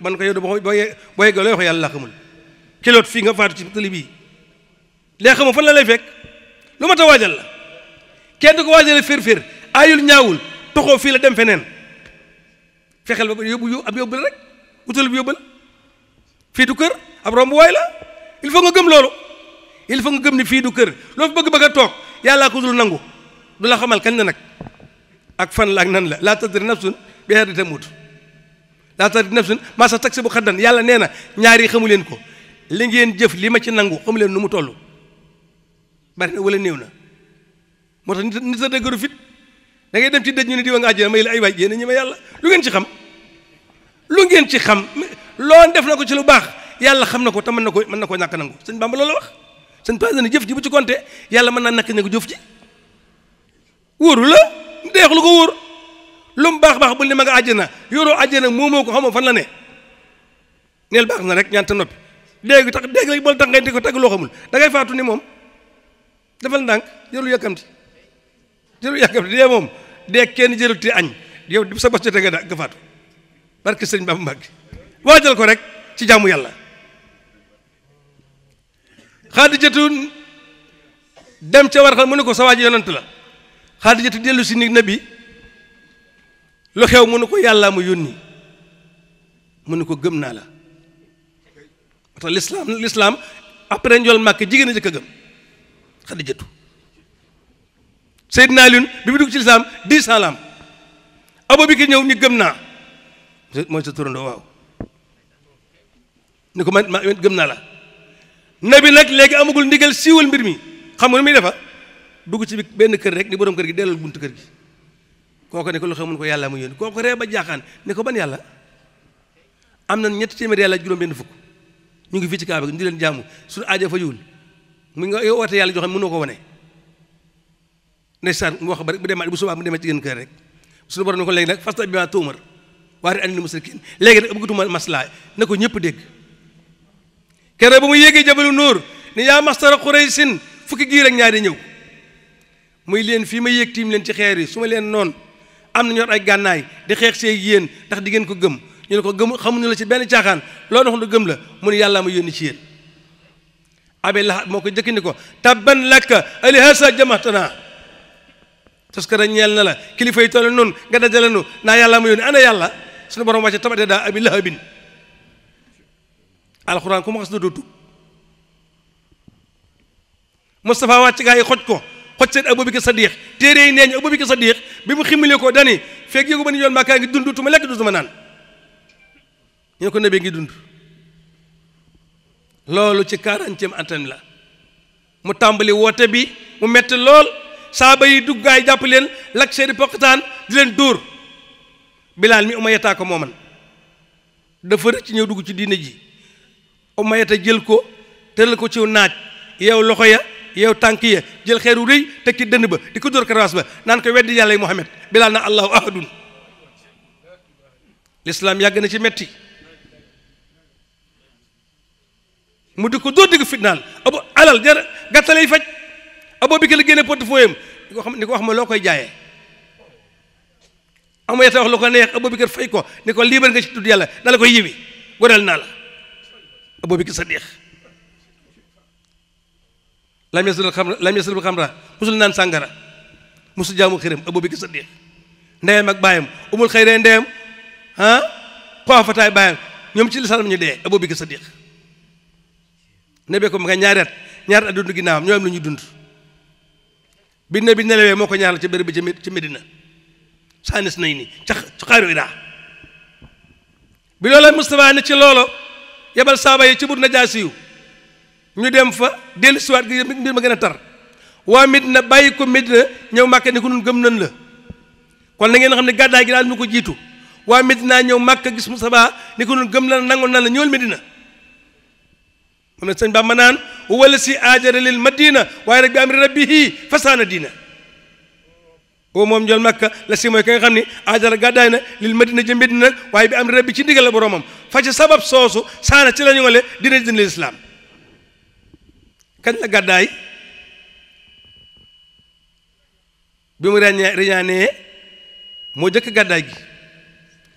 man ko boo boo looy xamul kiloot fii nga faatu ci tali bii lee xamul fan la lay fekk lu ma ta waajal la kenn du ko waajale fir aayul ñaawul toxo fi la dem fenen fexel ba yóbbu ab yóbbal rek utul bi yóbbal fii du keur ab rombu way la il faut nga gëm lolu il faut nga gëm ni fi du keur lo fi bëgg-bëgg tok yalla ko dul nangu dula xamal kañ la nak ak fan la ak nan la la tadri nafsun bi xeer tamut la tadri nafsun ma sa taxi bu xadan yàlla neena ñaari xamulen ko li ngeen jëf li ma ci nangu xamulen nu mu tollu bari na wala néew na moo tax nit sa degeeru fit da ngay dem ci dejj ñu di diwa nga àjjana may la ay waay yéen ñi ma yalla lu ngeen ci xam lu ngeen ci xam lo def nako ci lu bax yalla xam nako ko te mën na ko mën nangu sëñ bamba loolu wax sëñ pas dana jëf ji bu ci konté yalla man na nak ne jëf ji wuru la deex lu ko wuru lu mu bax bu ni ma nga aljana yoroo aljana mo moko xam fan la ne neel bax na rek ñant nopi dégg tax dégg rek bol tax ngay diko tag lo xamul da ngay faatu ni mom defal ndànk jëlu yakamti jëru yàkkamti dee moom dee kenn jërul te añ yow di sa bos jotee nga da nga faatu barke ba mu Mbàkke waajal ko rek ci jàmmu yàlla Xaadijatu dem ca war xal mu ne ko sa waaji yonant la Xaadijatu dellu si ni nabi lu xew mu ko yàlla mu yónni mu ne ko gëm naa la watax lislaam lislaam après njool màkk jigéen a jëkk a gëm Xaadijatu Seydina Alioune bi mu dugg ci lislaam dix ans la am Abubakar ñëw ni gëm naa mooy sa turandoo waaw ni ko man ma gëm naa la nabi nag léegi amagul ndigal siiwal mbir mi xam nga nu defa dugg ci benn kër rek ni borom kër gi delal buntu kër gi kooku ne ko loxo mun ko yàlla mu yónni kooku ree ba jaaxaan ne ko ban yàlla am na ñetti téeméer yàlla juróom benn fukk ñu ngi fii ci kaaba gi ñu di leen jaamu suñu aajo fa yiwul mu nga woote yàlla joo xam ne mënoo ko wane nesan mu wax ba rek bu demaat bu suba mu demee ci gën kër rek suñu borom ko léegi nak fasta bi waari musrikin léegi nak bëggatuma masla nako ko ñëpp dégg kere ba mu yéegee jabalu nur ni yaa mastara quraysin fukki gi rek ñaari ñew muy leen fi ma yek tim leen ci xeer yi suma leen non am na ñor ay gannaay di xex seeg yeen tax di ngeen ko gëm ñu ko gëm ñu la ci benn gëm la mu ni yalla ma yoni ci yeen abe moko moo ko tabban lakka alihasa jamaxtanaa parce que dañ ñeel na la kilifa yi toll noonu nga dajale nu naa yàlla ma yónni ana yàlla suñu borom wàcce tabate daa abi lahabin alxuraan ku ma xas dootu Moustapha wàcc gaa yi xoj ko xoj seen Abubakar Sadiq téere yi nee ñu Abubakar Sadiq bi mu ximmilee ko dani fekk yëgu ba ni yoon Makka ngi dund dootuma lekk dootuma naan ñu ko nabi ngi dund loolu ci quarantième antenne la mu tàmbali woote bi mu metti lool saaba yi duggaay jàpp leen lakk seeni poqataan di leen dóor bilaal mi umayata ko mooman dafa rëcc ñëw dugg ci diine ji umayata jël ko tëral ko ci naaj yeew loxo ya yeew tànk ya jël xeeru rëy teg ci dënn ba di ko dóor karawaas ba naan ko weddi yàlla yi muhammad bilaal na allahu ahadun lislaam yàgg na ci metti mu di ko dóor digg fitnaan abu alal jar faj Abubakar la génne portefeuille am ni ko xam ni ko wax ma loo koy jaayee ama yeta wax lu ko neex Abubakar fay ko ni ko liibar nga ci tudd yàlla dala koy yiwi goreel naa la Abubakar Sadiq lam yasrib xamra lam yasrib xamra musul naan sàngara musul jaamu xiram Abubakar Sadiq ndeyam ak baayam umul xëyree ndeyam ah xoofataay baayam ñoom ci lislaam ñu dee Abubakar Sadiq ne bee ko ma nga ñaari at ñaari at dund ginnaawam ñoo am lu ñuy dund bi bi nelawee moo ko ñaanal ci béréb bi ci Medina saanis nañ ni ca xaaru idaa bi loola Moustapha ne ci loolo yebal saaba yi ci bur najaasi yu ñu dem fa dellu siwaat gi mbir ma gën a tar waa Medina bàyyi ko Medina ñëw Màkka ni ko nun gëm nan la kon na ngeen xam ne gàddaay gi daal ñu ko jiitu waa Medina ñëw Màkka gis Moustapha ni ko nun gëm nan nangoon nan la ñëwal Medina moom ne sëñ Bamba naan wala si aajara lil madina waaye nag bi amri rabbihi fasaana diina boo moom jol makka la si mooy ka nga xam ni aajara gàddaay na lil madina jëm Medina waaye bi amri rabbi ci ndigal la boromam fa sabab soosu saana ci la ñu ngole dina dina lislaam kañ la gàddaay bi mu ràññee riñaanee moo jëkk gàddaay gi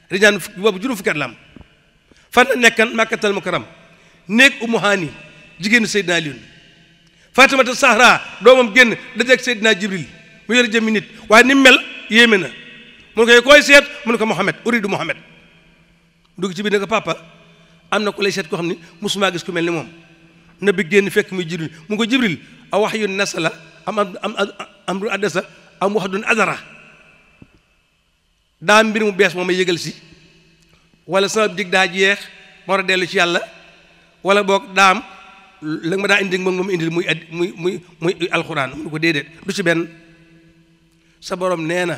riñaan boobu juróom fukki at la fan la nekkan màkkatal mukarram néeg Umu Haani jigéenu Seydina Aliyun Fatimata Sahra doomam génn dajeeg Seydina Jibril mu yor jëmmi nit waaye ni mel yéeme na mun koy koy seet mun ko Muhammad uridu Muhammad dugg ci biir ne ko papa am na ku lay seet koo xam ne musuma gis ku mel ni moom nabi génn fekk muy Jibril mu ko Jibril a wax yu nasa la am am am du addasa am wax dun azara daa mbir mu bees moom a yëgal si wala sama dig daa jeex ma war a dellu ci yàlla wala boog daam la nga ma daa indi moom nga ma indil muy muy muy muy alxuraan mu ko déedéet lu ci benn sa borom nee na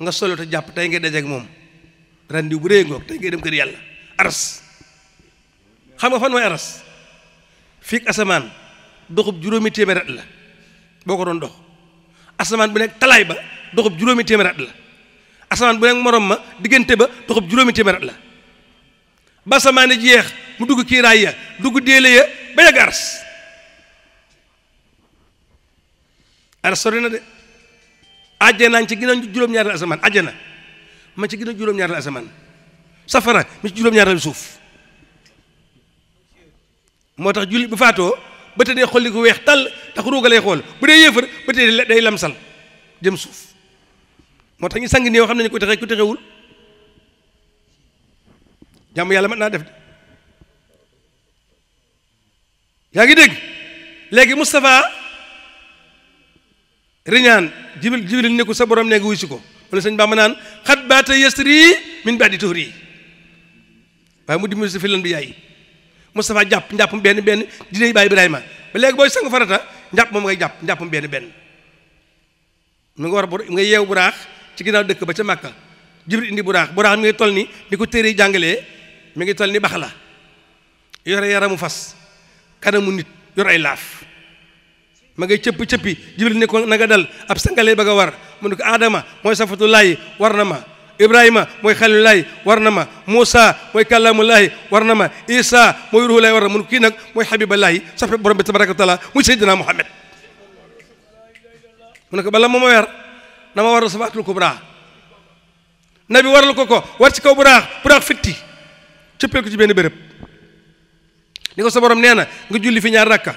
nga solo te jàpp tey ngay dajeek moom rendi bu rëy ngoog tey ngay dem kër yàlla aras xam nga fan mooy aras fii asamaan doxub juróomi téeméer la boo ko doon dox asamaan bu nekk talaay ba doxub juróomi téeméer la asamaan bu nekk moroom ma diggante ba doxub juróomi téeméer la ba samaane jeex mu dugg kiiraay ya dugg déele ya ba yegg ars ars sori na de àjjanaan ci ginnaaw juróom-ñaari asamaan àjjana ma ci ginnaaw juróom-ñaari asamaan safara mi ci juróom-ñaari suuf moo tax julli bu faatoo ba tey xolli ku weex tàll tax ruuga xool bu dee yéefar ba tey day lamsal jëm suuf moo tax ñu sang nii yoo xam ne ñu ko texee texewul jamu yalla mën naa def ya ngi deg legi mustafa riñan jibril jibril ne ko sa borom ne ko si ko wala sëñ Bamba naan xat baata yasri min baadi tuhri waaye mu dimbali fi lan bi mustafa japp japp ben ben di lay bàyyi Ibrahima ba legi boy sang farata japp mom ngay japp japp ben ben mu ngi war bu yew bu rax ci ginaaw dekk ba ca makka jibril indi bu rax mi ngi ni ni janggale mi ngi tol ni bax la yore yaramu fas kanamu nit yor ay laf ma ngay cëpp cëppi jibril ne ko na nga dal ab sangalee ba nga war mu ko aadama mooy safatullaahi warnama ibrahima moy xalilulaay war na ma moussa mooy isa mooy ruhulaay war na mun kii nag mooy safa borom bi tabaraka taala muy sayyidina muhammad mu ne ko bala mo ma nama war ma kubra nabi waral ko ko war ci kaw buraax fitti cëppee ko ci benn béréb ni ko sa borom nee na nga julli fi ñaar rakka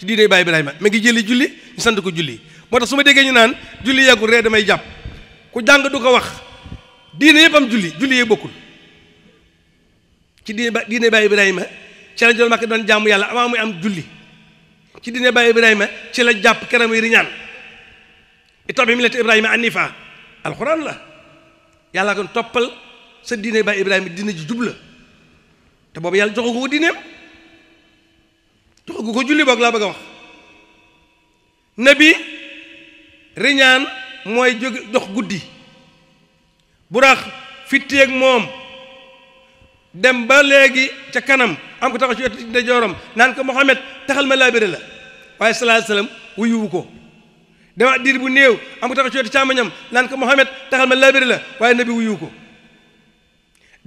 ci diine Baay Ibrahima ma ngi jëli julli ñu sant ko julli moo tax su ma déggee ñu naan julli yàggul ree damay jàpp ku jàng du ko wax diine yëpp am julli julli yee bokkul ci diine ba diine Baay Ibrahima ci la jël Makka doon jaamu yàlla avant muy am julli ci diine Baay Ibrahima ci la jàpp keram yi riñaan ittabi millata Ibrahima alxuraan la yàlla kon toppal sa diine Baay Ibrahima diine jubla te boobu yàlla joxagu ko diineem joxagu ko julli boog laa bëgg a wax nabi riñaan mooy jóg jox guddi burax fitteeg moom dem ba léegi ca kanam am ko taxaw ci wetu ndeyjooram naan ko Muhammad taxal ma laabire la waaye sallallahu alayhi wasallam wuyuwu ko dama diir bu néew am ko taxaw ci wetu càmmoñam naan ko taxal ma laabire la waaye nabi wuyuwu ko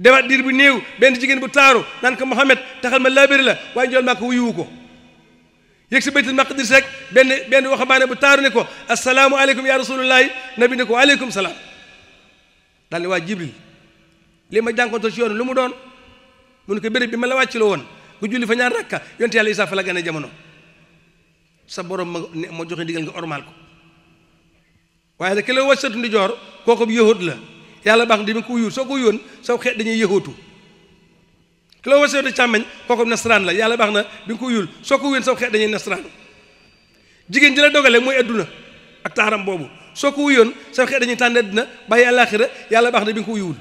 defaat diir bu néew benn jigéen bu taaru naan ko Mouhamed taxal ma laabéri la waaye njool maa ko wuyuwu ko yëg si baytul maqdis rek benn benn waxambaane bu taaru ne ko asalaamu aleykum ya rasulullahi nabi ne ko aleykum salaam daal ne waa jibril li ma jànkoonto ci yoon lu mu doon mu ne ko béréb bi ma la wàcc la woon nga julli fa ñaar rakka yonte yàlla isaa fa la gën a jamono sa borom ma moo joxe ndigal nga ormal ko waaye la ke la wàccatu ndi joor kooku bu la yàlla baax na di ko yóon soo ko yóon saw dañuy yëxootu ki la waseetu càmmeñ nasaraan la yàlla baax na bi nga ko yóon soo dañuy nasaraan jigéen ji la dogale mooy adduna boobu soo ko wuyoon dañuy tànn adduna bàyyi àllaaxira yàlla baax na bi nga ko wuyul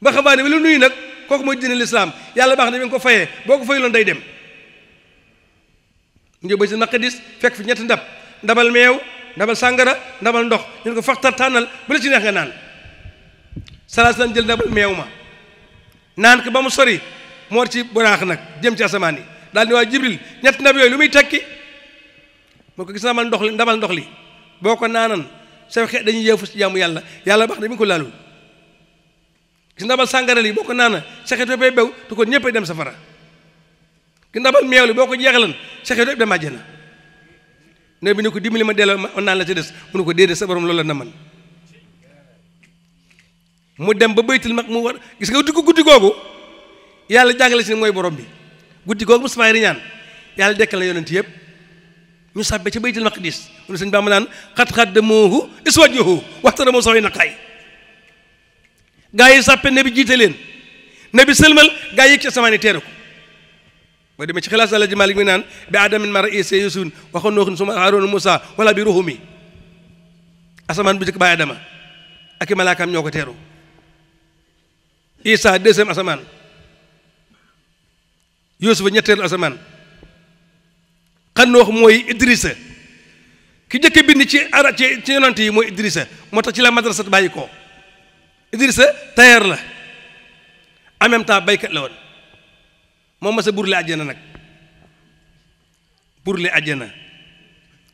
ba xabaane bi la nuyu nag kooku mooy diine lislaam yàlla baax na bi nga ko fayee boo ko fayuloon day dem ñu ba si naqadis fekk fi ñetti ndab ndabal meew ndabal sàngara ndabal ndox ñu ne ko faxtar tànnal bu la ci neex nga naan salaasalaam jël ndabal meew ma naan ko ba mu sori mu war ci bonaax nag jëm ci asamaan yi daal ni waa jibril ñett ndab yooyu lu muy tekki moo ko gis ndabal ndox li ndabal ndox li boo ko naanan sa xeet dañuy yeefu si jàmm yàlla yàlla baax na mi ngi ko laalul gis ndabal sàngara li boo ko naanan sa xeet yëppay bew te kon ñëppay dem safara gis ndabal meew li boo ko jeexalan sa xeet yëpp dem àjjana ne bi ni ko dimbali ma delloo ma naan la ci des mu ko déedéet sa borom loolu la na mu dem ba baytul mag mu war gis nga dugg guddi googu yàlla jàngale si mooy borom bi guddi googu Mustafaa riñaan yàlla dekkal na yonent yëpp ñu sàbbe ci baytul maqdis mu ne sëñ Bàmba naan xat-xaddamoohu iswajjohu waxtara moo soxoy naqaay gaa yi sàppe ne bi jiite leen nebi bi sëlmal gaa yi yëg ci asamaan yi teere ko boo demee ci xilaas àlla ji Maalik mi naan bi adamin ma isa yusun waxoon nooxin suma aaroona Muusa wala bi ruhumi asamaan bu njëkk ba Adama ak i malaakaam ñoo ko teeru Isa deuxième asamaan Yuusufa ñetteelu asamaan xannoox mooy Idrissa ki njëkk a bind ci ara ci ci yonante yi mooy Idrissa moo tax ci la madrasat bàyyi ko Idrissa tailleur la en même temps baykat la woon moom ma sa burle àjjana nag burle àjjana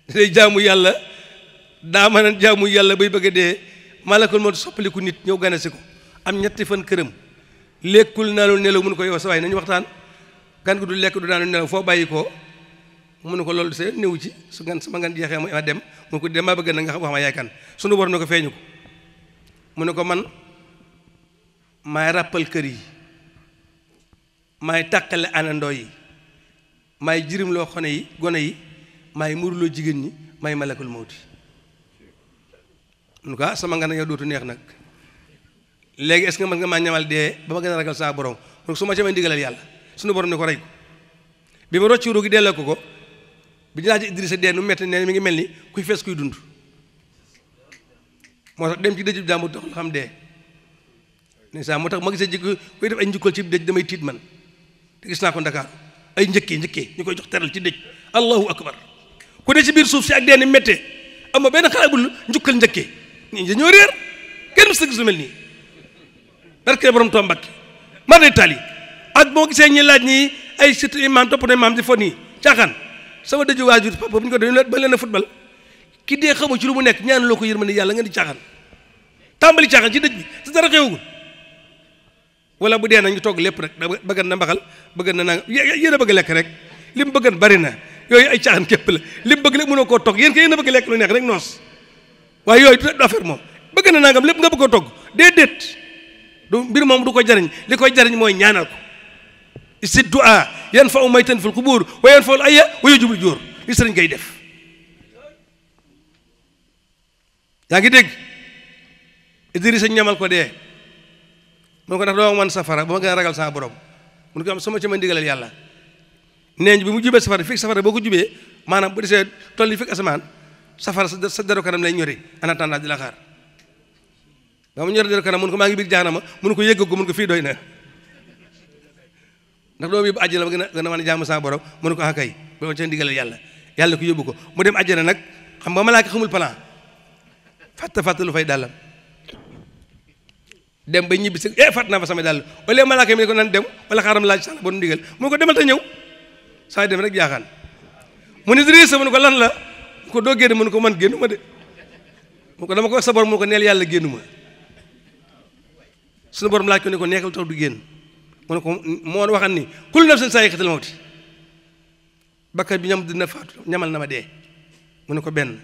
day jaamu yàlla daa mën a jaamu yàlla bay bëgg dee malakul moo soppaliku nit ñëw gane ganesi ko am ñetti fan Lekul na lu nelaw mun ko yow sa way nañu waxtaan lekul gu du lekk du nelaw fo bayiko mu ko loolu se néew ci su ngan sama ngan jeexee mu ma dem mu ko dem ma bëgg na nga xam wax ma yaay kan sunu war nako feñu ko mu ne ko man may rappel kër yi yi may jirim lo xone yi gone yi may murlo jigen ni may malakul mauti nuka sama ngan yow dootu neex nak léegi est nga que mën nga maa ñamal dee ba ma gën a ragal saa borom donc su ma ca may ndigalal yàlla suñu borom ne ko rey bi ma rocci ruugi delloo ko ko ñu laajee Idrissa dee nu metti ne mi ngi mel ni kuy fees kuy dund moo tax dem ci dëj bi xam dee ne saa moo tax ma gisee kuy def ay njukkal ci dëj damay tiit man te gis naa ko Ndakaar ay njëkkee njëkkee ñu koy jox teral ci dëj allahu akbar ku dee si biir suuf si ak dee ni méttee am benn xalaat bul njukkal njëkkee nii dañoo réer kenn mës a gis lu mel nii barke borom to mbacke man itali ak bo gisee ñi laaj ñi ay sut imam top na imam di foni caxan sama deju wajur papa buñ ko dañu leen balena football ki de xamu ci lu mu nek ñaan loo ko yalla yàlla nga di caxan tambali caxan ci dëj bi te dara xewugul wala bu de dee ñu tok lepp rek bëgg na mbaxal bëgg na nang yéen bëgg lek rek lim bëggan bari na yoy ay caaxaan kep la lim bëgg lépp mënoo koo tok yeen kay bëgg lek lu neex rek nos way yoy du affaire mom bëgg na nangam lepp nga bëgg koo togg déedéet du mbir moom du ko jarign li jarign moy ñaanal ko si dua yanfa umaytan fil qubur wa yanfa al ayya wa yujibul jur li serign koy def ya ngi dégg idrissa ñamal ko de mu ko tax do man safara ba ma gën ragal sa borom mu ko am sama ci ma ndigalal yalla neñ bi mu jubee safara fi safara boko ko manam bu desee tolli fi asman safara sa daro kanam lay ñori en attendant la xaar dama ñor jël kanam mun ko maa ngi biir jaanama mun ko yëgg ko mun ko fii doy na ndax doo yóbbu àjjana ba gën a gën mën a jaamu sa mun ko akay ah, ba ca ndigalal yàlla yàlla ko yóbbu ko mu dem àjjana nag xam nga malaaka xamul plan fàtte fàtte lu fay dàllam dem ba ñibbi si eh na ba fa sama dàll au lieu malaaka mi ko nan dem wala xaaram laaj sax bon ndigal mun ko demal te ñëw saa dem rek jaaxaan mu ne Idrissa mu ne ko lan la ko doo génn mu ne ko man génnu ma dama ko sa borom ko neel yàlla génnu ma suñu borom laaj ko ne ko nekkal tax du génn mu ne ko moo waxan ni kullu nafsin zaa'iqatul mawti bakkat bi ñam dina faatu ñamal na ma dee mu ne ko benn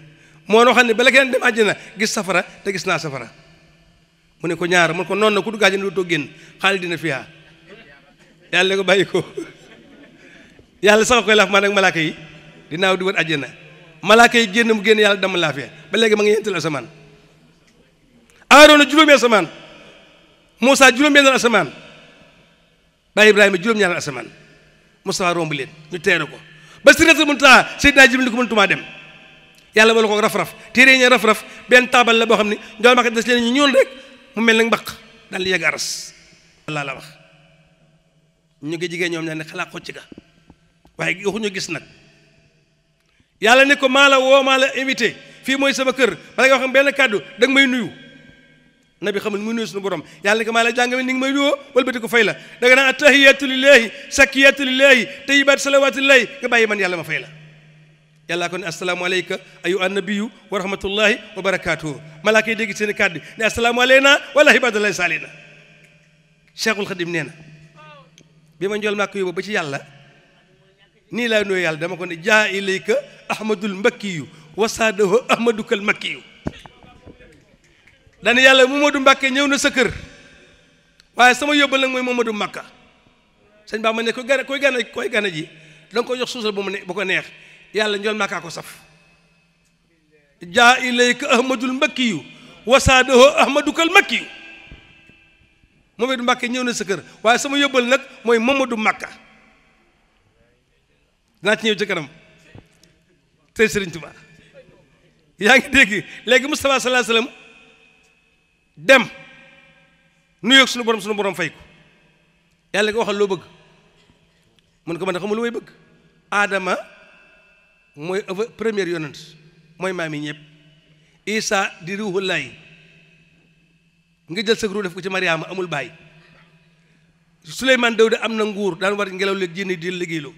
moo waxan ni bala keneen dem àjjana gis safara te gis naa safara mu ne ko ñaar mu ne ko noonu na ku dugg àjjana dootoo génn xaalis dina fiyaa yàlla ko bàyyi ko yàlla sax koy laaf maa nag malaaka yi dinaaw di wër àjjana malaaka yi génn mu génn yàlla dama laafee ba léegi ma ngi yental Moussa juróom-benn asamaan bàyyi Ibrahima juróom-ñaar asamaan Moussa romb leen ñu teeru ko ba Siratul Muntaha Seydina Jibril ni ko mëntumaa dem yàlla wala ko raf-raf téere ñe raf-raf benn taabal la boo xam ne njool des leen ñu ñuul mu mel nag mbaq daal di yegg ngi jigéen ñoom ñaar ne xalaat xocc ga waaye gis nag yàlla ne ko maa la woo maa la invité fii mooy sama kër bala nga wax benn kàddu da may nuyu nabi xamul muy nuyu suñu borom yàlla ni ko la jàngame ni ngi may duwoo walbati ko fay la da nga naan lillahi sakiyatu lillahi tayibat salawatu lillahi nga bàyyi man yàlla ma fay la yàllaa ko ne asalaamu aleyka ayu annabiyu wa rahmatullahi wa barakatuhu malaaka yi dégg seen aleyna wala ibadallahi saalina cheikhul xadim nee na bi ma njool màkk yóbbu ba ci yàlla nii laa nuyu yàlla dama ko ne jaa ilayka ahmadul mbakkiyu wasaadahu ahmadukal makkiyu dana yàlla Momadou Mbacke ñëw na sa kër waaye sama yóbbal nag mooy Momadou Mbacke sëñ Ba ma nekk koy gane koy gane koy ji da nga ko jox suusal bu ne bu ko neex yàlla njool Mbacke ko saf jaa ilayka ahmadul makkiyu wasaadahu ahmadukal makkiyu Momadou Mbacke ñëw na sa kër waaye sama yóbbal nag mooy Momadou Mbacke dinaa ci ñëw ci kanam tey Sëriñ Tuubaa yaa ngi dégg léegi Mustafa sallallahu alayhi dem nuyoog sunu borom sunu borom fay ko yàlla nga waxal loo bëgg mun ko man a xamul lu may bëgg aadama mooy première yonent mooy maam yi ñëpp isa di ruuxullaay nga jël sa ruu def ko ci mariama amul baay suleymaan dawuda am na nguur daan war ngelaw leeg jénn di liggéeyloo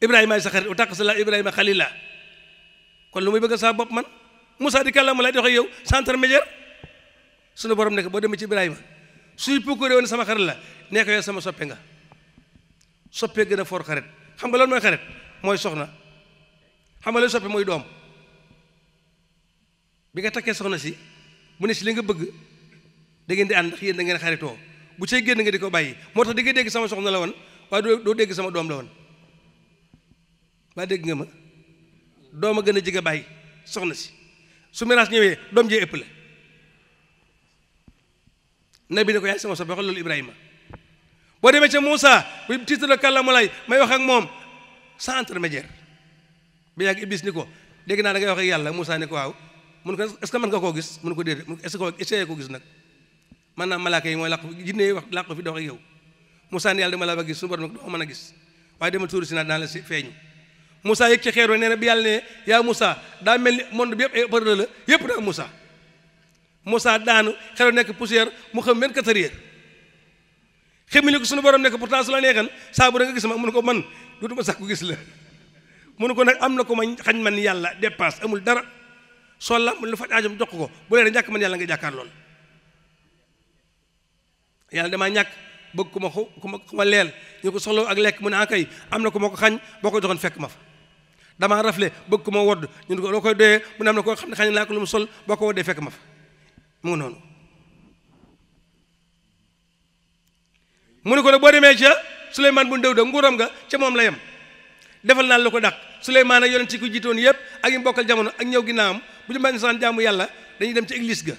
ibrahima ay sa xarit u tàq sa laa ibrahima xalila kon lu muy bëgg saa bopp man musaa di kàllaama laa di wax ak yow sans intermédiaire sunu borom nekk boo demee ci Ibrahima suy pukkure woon sama xarit la nee yow sama soppe nga soppee gën a foor xarit xam nga lan mooy xarit mooy soxna xam nga lay soppe mooy doom bi nga takkee soxna si mu ne si li nga bëgg da ngeen di ànd ndax yéen da ngeen xaritoo bu cay génn nga di ko bàyyi moo tax di nga dégg sama soxna la woon waaye doo dégg sama doom la woon baa dégg nga ma doom a gën a jege bàyyi soxna si su miraas ñëwee doom jee ëppale nabi ne ko yaay sama soppe waxal loolu Ibrahima boo demee ca Moussa bu tiitalo kàllaama lay may wax ak moom sans intermédiaire bi yàgg Iblis ni ko dégg naa da ngay wax ak yàlla Moussa ni ko waaw mun ko est-ce que nga koo gis mun ko de mun ko est-ce que essayé ko gis nag maanaam malaaka yi mooy làq fi dox ak yow Moussa ni yàlla dama laa ba gis suñu borom nag doo mën a gis waaye demal tuuri si naa daan la si feeñu Moussa yëg ci xeer nee bi yàlla yaa Moussa daa mel ni monde bi yëpp ay opérateur la yëpp naa Moussa Moussa daan xeer nekk poussière mu xam 24 heures xëmmi li ko nekk pourtant su la neexan saa bu da nga gis ma mun ko man dootuma sax ko gis la mun ko nag am na ko ma xañ man yàlla dépasse amul dara sol la lu faj aajam jox ko bu leen ñàkk man yàlla nga jàkkaar damaa ñàkk bëgg ku ma ku ma ku leel ñu ko soxlaw ak lekk mu ne akay ah am na ko ma ko xañ boo ko joxoon fekk ma fa damaa rafle bëgg ko ma wodd ñun ko loo koy doyee mu ne am na koo xam ne xañ naa ko lu mu sol boo ko woddee fekk ma fa mu ngi noonu mu ne ko nag boo demee ca Suleymaan bu Ndaw da nguuram nga ca moom la yem defal naa la ko dàq Suleymaan ak yonent yi ko jiitoon yëpp ak yi mbokkal jamono ak ñëw am bu ñu mën saan jaamu yàlla dañuy dem ci église ga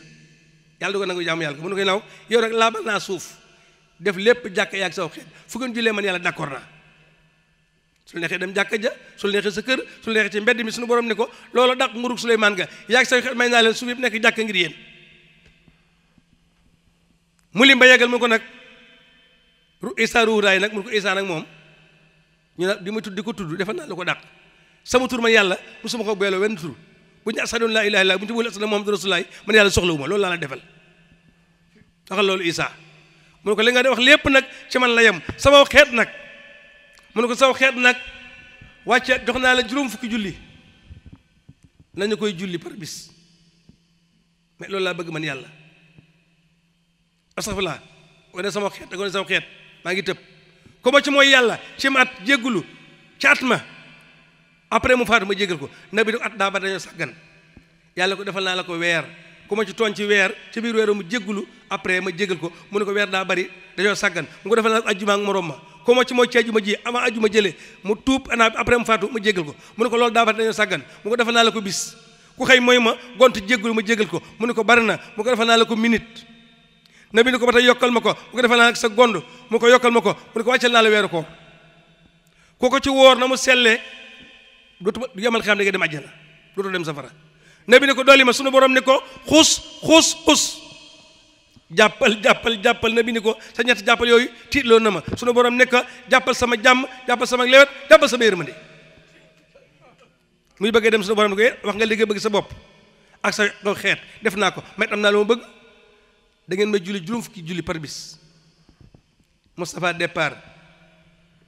yàlla du ko nangu jaamu yàlla ko mu ne ko naaw yow rek laabal naa suuf def lépp jàkk yaag saw xeet fu ngeen jullee man yàlla d'accord su neexee dem jàkka ja su neexee sa kër su neexee ci mbedd mi suñu borom ne ko loola dàq nguurug Suleymaan ga yaa ngi say xel may naa leen suuf yëpp nekk jàkka ngir yéen mu lim ba yeggal mu ko nag ru isa ruuraay nag mu ko isa nag moom ñu ne di ma tudd ko tudd defal naa la ko dàq sama tur man yàlla bu suma ko beeloo wenn tur bu ñu ashadu laa ilaaha illallaah bu ñu ci wóolu asalaam Muhammadu rasulullaah man yàlla soxlawuma loolu laa la defal waxal loolu issa mu ko li nga wax lépp nag ci man la yem sama xeet nag mu ne ko saw xeet nag wàcce jox naa la juróom fukki julli nañu koy julli par bis mais loolu laa bëgg man yàlla astafurlah wane sama xeet ak wane sama xeet maa ngi tëb ko ba ci mooy yàlla ci ma at jéggulu ci ma après mu faatu ma jéggal ko nabi ne ko at daa ba dañoo sàggan yàlla ko defal naa la ko weer ku ma ci tooñ ci weer ci biir weer mu jéggulu après ma jéggal ko mu ne ko weer daa bari dañoo sàggan mu ko defal naa la ko ajjuma ma ku ma ci mooy ci ajuma ji avant ajuma jële mu tuub ana après mu faatu ma jéggal ko mu ne ko loolu daafat dañoo sàggan mu ko defal naa la ko bis ku xëy mooy ma ko mu ne ko bari na mu ko defal naa la ko minute nabi ni ko ba tey yokkal ma ko mu ko naa sa gond mu ko yokkal ma ko mu ne ko wàccal naa la weeru ko ku ko ci wóor na mu sellee dootu yamal xam ne nga dem àjjana dootu dem safara nabi ni ko dolli ma sunu borom ne ko xuus xuus xuus jappel jappel jappel nabi ne ko sa ñett jàppal yooyu titlo na ma suñu borom ko jappel sama jam jappel sama lewet jàppal sama yërmande muy bëggee dem suñu borom ko wax nga liggéey bëgg sa bop ak sa do xet def na ko may tam na lu bëgg da ngeen may julli juróom fukki julli par bis Moustapha départ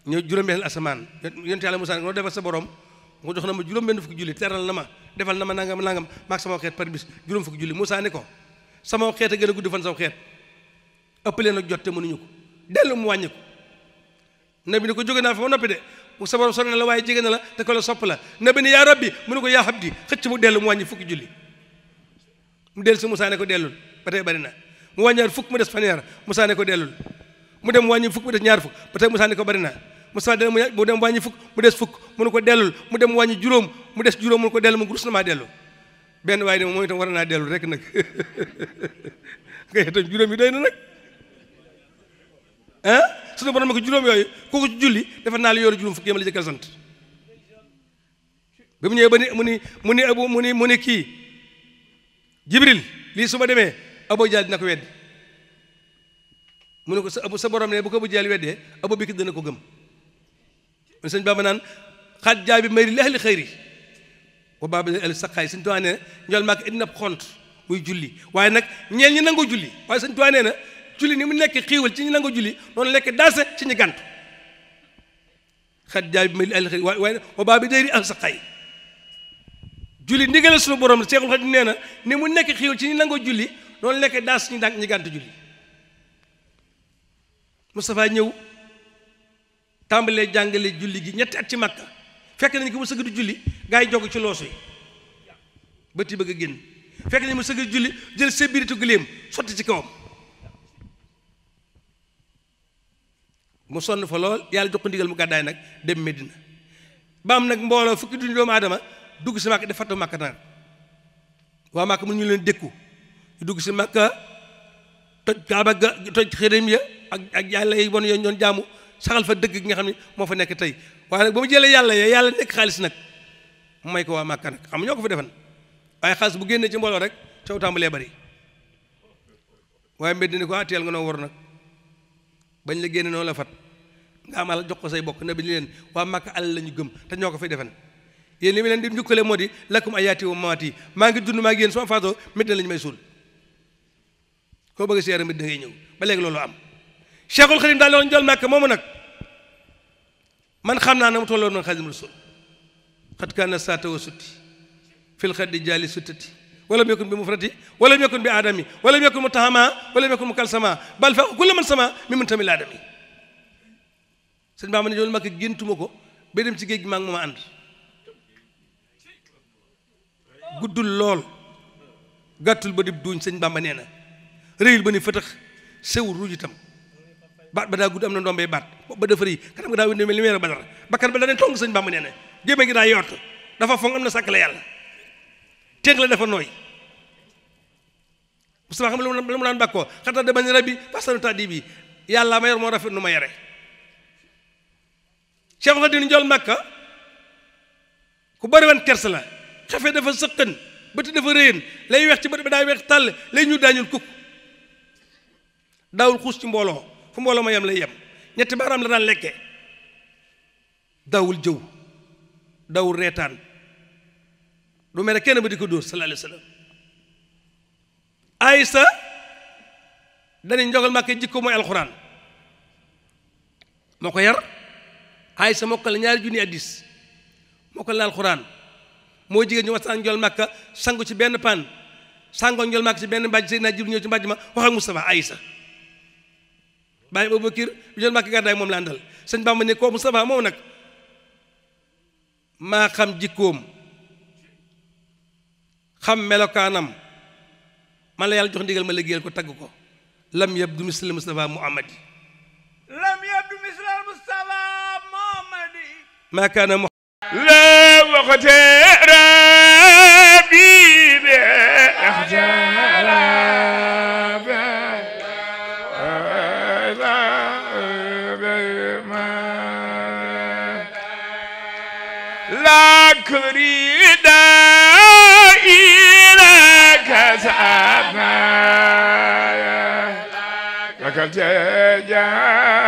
ñu juroom benn asman yent yalla musa noo defal sa borom mu jox na ma juroom ben fukki julli teral na ma defal na ma nangam nangam maag sama xet par bis juróom fukki julli musa ne ko sama xéet ak gën a gudd fan sama xéet ëpp leen ak jot te mënuñu ko dellu mu wàññi ko nabi ni ko jóge naa fa ma noppi de sa borom na la waaye jege na la te ko la sopp la nabi ni yaa rabbi mu ne ko yaa xabdi xëcc mu dellu mu wàññi fukki julli mu del si Moussa ne ko dellul ba tey bari na mu wàññaar fukk mu des fanweer Moussa ne ko dellul mu dem wàññi fukk mu des ñaar fukk ba tey Moussa ne ko bari na Moussa dem mu ya, dem wàññi fukk mu des fukk mu ne ko dellul mu dem wàññi juróom mu des juróom mu ne ko dellu mu rus na maa benn waaye dama moom itam war naa dellu rek nag nga itam juróom yi doy na nag ah suñu borom ko juróom yooyu kooku ci julli dafa naa la yooru juróom fukki yema sant ba mu mu ni mu ni kii jibril lii su ma demee abo jaal dina ko weddi mu ne ko sa abu sa borom ne bu ko abu jaal weddee abo bi ki dana ko gëm mu sëñ baaba naan xaaj jaabi mayri li ahli wa baaba leen al saqaay sëñ Tuubaa nee na njool maak indi na xont muy julli waaye nag ñeel ñi nangoo julli waaye sëñ Tuubaa nee na julli ni mu nekk xiiwal ci ñi nangoo julli noonu lekk danse ci ñi gàntu xat jaay bi mali alxi waaye wa baaba dayri al saqaay julli ndigal suñu borom Seexul Xadiim nee na ni mu nekk xiiwal ci ñi nangoo julli noonu lekk danse ñi daan ñi gàntu julli Moustapha ñëw tàmbalee jàngale julli gi ñetti at ci Makka fekk nañ ko mu sëgg di julli gaa yi jog ci loosu yi bëti bëgg a génn fekk nañ mu sëgg di julli jël sébbiritu giléem sotti ci kawam mu sonn fa lool yàlla jox ko ndigal mu gàddaay nag dem Medina ba am nag mbooloo fukki duñu doomu aadama dugg si màkk di fattu màkk naan waa màkk mu ñu leen dékku dugg si màkk toj kaaba ga toj xërëm ya ak ak yàlla yi bon yooyu ñoon jaamu saxal fa dëgg gi nga xam ne moo fa nekk tey waaye nag ba mu jëlee yàlla ya yàlla nekk xaalis nag mu may ko waa màkka nag xam ñoo ko fi defan waaye xaalis bu génnee ci mbooloo rek coow tàmbalee bari waaye mbedd ni ko ah teel nga noo war nag bañ la génne noonu la fat nga am alal jox ko say bokk na bi ni leen waa màkka alal la gëm te ñoo ko fi defan yéen li mu leen di njukkale moo di lakkum ayaati wa mamaati maa ngi dund maa ngi yéen soo faatoo Medina la may suul koo bëgg seera Medina ngay ñëw ba léegi loolu am Cheikhul Khadim moomu nag من خمنا أنا متولون من خادم الرسول قد كان ساته وسطي في الخد جالي ستتي ولم يكن بمفردي ولم يكن بآدمي ولم يكن متهما ولم يكن مكالسما بل فكل من سما ممن تمي الآدمي سيدنا بامن جول ماك جنت موكو بيدم سي جيج ماك ماما اند غودول لول غاتول بديب دون سيدنا بامن نينا ريل بني فتخ سيور روجي تام baat ba daa gudd am na ndombee baat ba dafa rëy kanam nga daa wénde mel ni weeru badar bakkan ba da ne tong sëñ bàmba nee na gémmiñ gi daa yott dafa foŋ am na sàkk la yàlla teeg la dafa nooy Mustafa xam la mu daan bàkkoo xataa dama ni rabbi fasanu tàddi bi yàlla ma yor moo rafet nu ma yore Cheikh Xadim njool Makka ku bari woon kersa la xafe dafa sëqën bët dafa réyén lay weex ci bët ba daa weex tàll lay ñu daañul kukk daawul xuus ci mbooloo fu mbooloo ma yem lay yem ñetti baaraam la daan lekkee daawul jëw daawul reetaan du mere kenn ba di ko dóor sallallahu alayhi wa sallam Aysa dani njogal màkke jikko mooy alxuraan moo ko yar Aysa mokkal ñaari junni addis mokkal la alxuraan moo jigéen ñu waxtaan njol màkka sangu ci benn pan sango njol màkk ci benn mbàjj Seydina Jibril ñëw ci mbàjj ma wax ak Mustafa Aysa bàyyi Abubakar bi ñoon Mbàkke gàddaay moom la àndal sëñ Bàmba ne koo Moustapha moom nag maa xam jikkoom xam melokaanam man la yàlla jox ndigal ma liggéeyal ko tagg ko lam yabdu misla Moustapha Muhammadi lam yabdu misla Moustapha Muhammadi maa kaana mu la waxte rabi be ja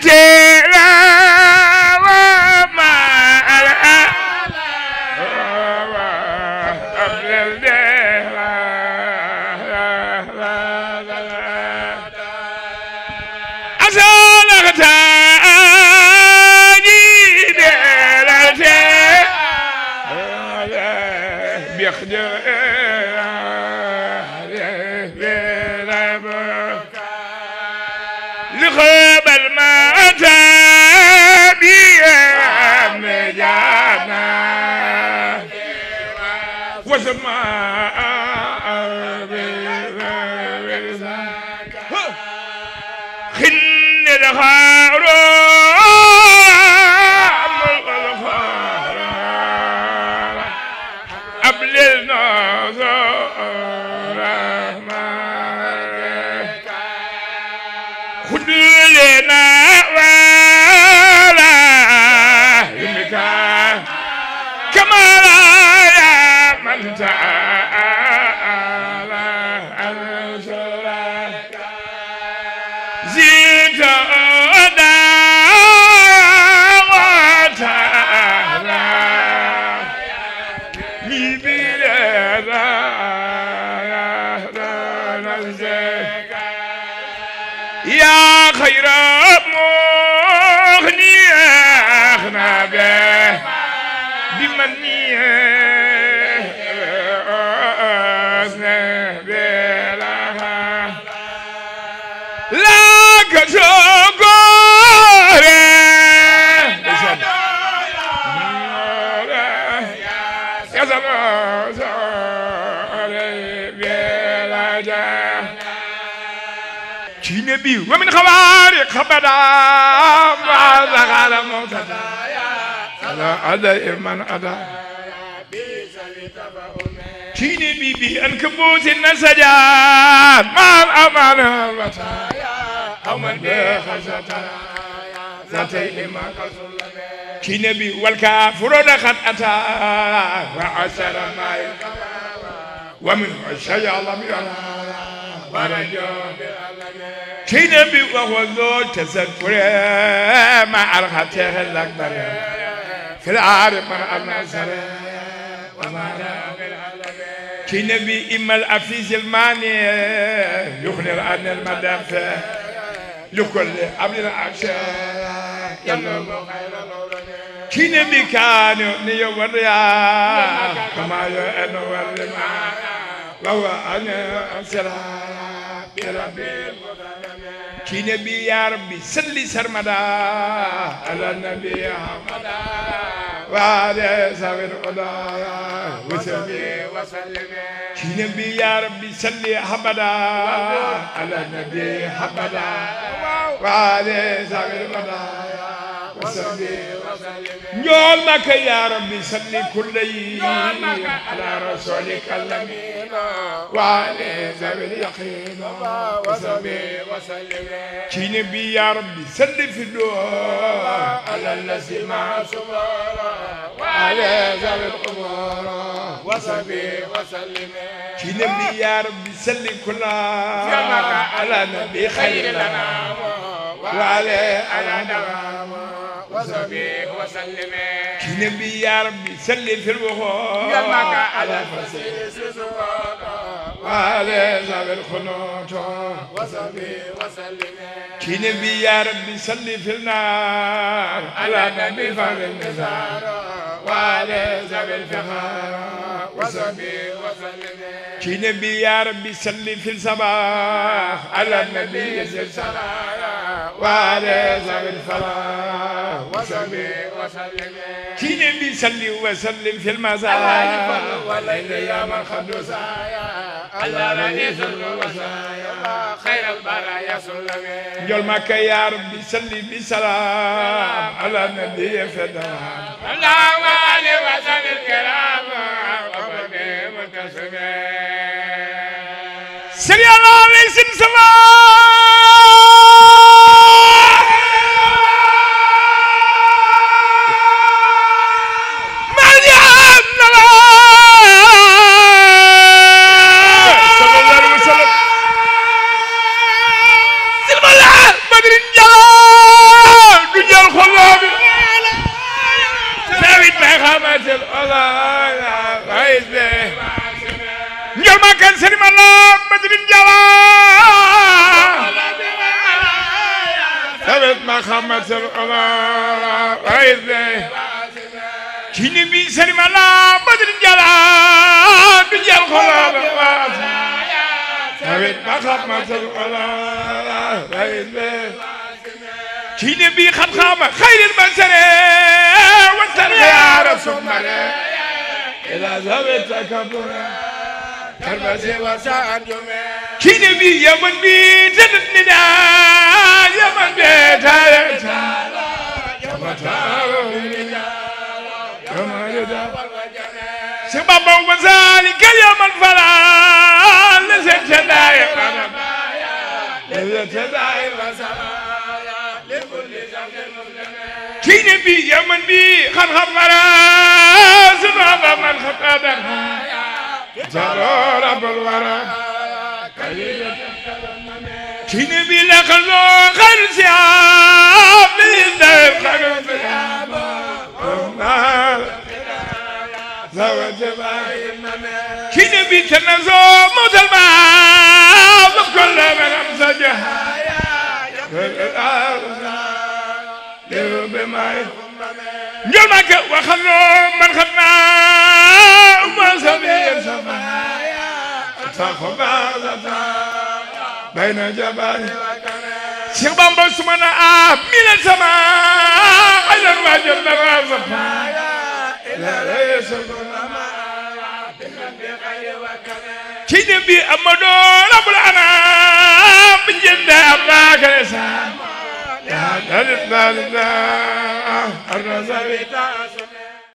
day بي ومن خوارق خبدا ما زغل مبتدا على أدى من أدى تيني بيبي أنكبوت النسجا ما الأمان البتايا أو من بيخشتا ذاتي إما قصر كينبي والكافر دخل أتى وعسر ما ومن الشيء لم يرى ورجو بالألمين كينبي وغزول تذكر ما أرغته الأكبر في العارف من كينبي إما الأفيز الماني يخلر عن المدافع لكل قبل العشاء يلا كينبي كانوا نيوريا كما يأنور المعنى وهو أنا أسرى بربي المدافع ki nabi ya rabbi salli sarmada ala nabi ahmada wa ala sawir oda wa salli wa sallim ki nabi ya rabbi salli ahmada ala nabi ahmada wa ala sawir oda نقول لك يا ربي صلي كل على رسولك الامين وعلى ذوي اليقين وصلي وسلم كي نبي يا ربي سلي في الدعاء على الذي مع سمارة وعلى ذوي القمارة وصلي وسلم كي نبي يا ربي سلي كل على نبي خير الانام وعلى على دوامه وصبيك وسلم نبي يا ربي سلم في الوقوف قلبك على الفسيس وعلى زاب الخنوط وصبي وسلم كي نبي يا ربي سلم في النار على نبي فم النزار وعلى زاب الفخار يا نبي يا ربي صلي في الصباح على النبي صلى الله عليه زغ الفلاح وسلم يا صلي وسلم في المساء والليل يا من خدوسايا على رئيس الوصايا خير البرايا سلمي جل مكة يا ربي صلي بسلام على النبي فدا الدوام الله وسلم الكرام بي يا من بي تدت نداء يا من بي تالا تالا يا من تالا يا من يدا سبابا وذلك يا من فلا لسن تدايا لسن تدايا لكل شخص مسلم كي نبي يا من بي خن خبرا سبابا من خطابا جرى رب الورى كني بلغلو خرسياب لذب خرسياب كني بتنزو مدلما وكل من امزجه نجل ماك وخلو من خدنا وما سبيل سمايا تخبار ذاتنا bayna jabaani Cheikh Bamba suma na a milan sama aylan wajal dara safa la laysa lama ci debi amado rabbul ana binjenda abakare sa la dalil dalil arrazabita sama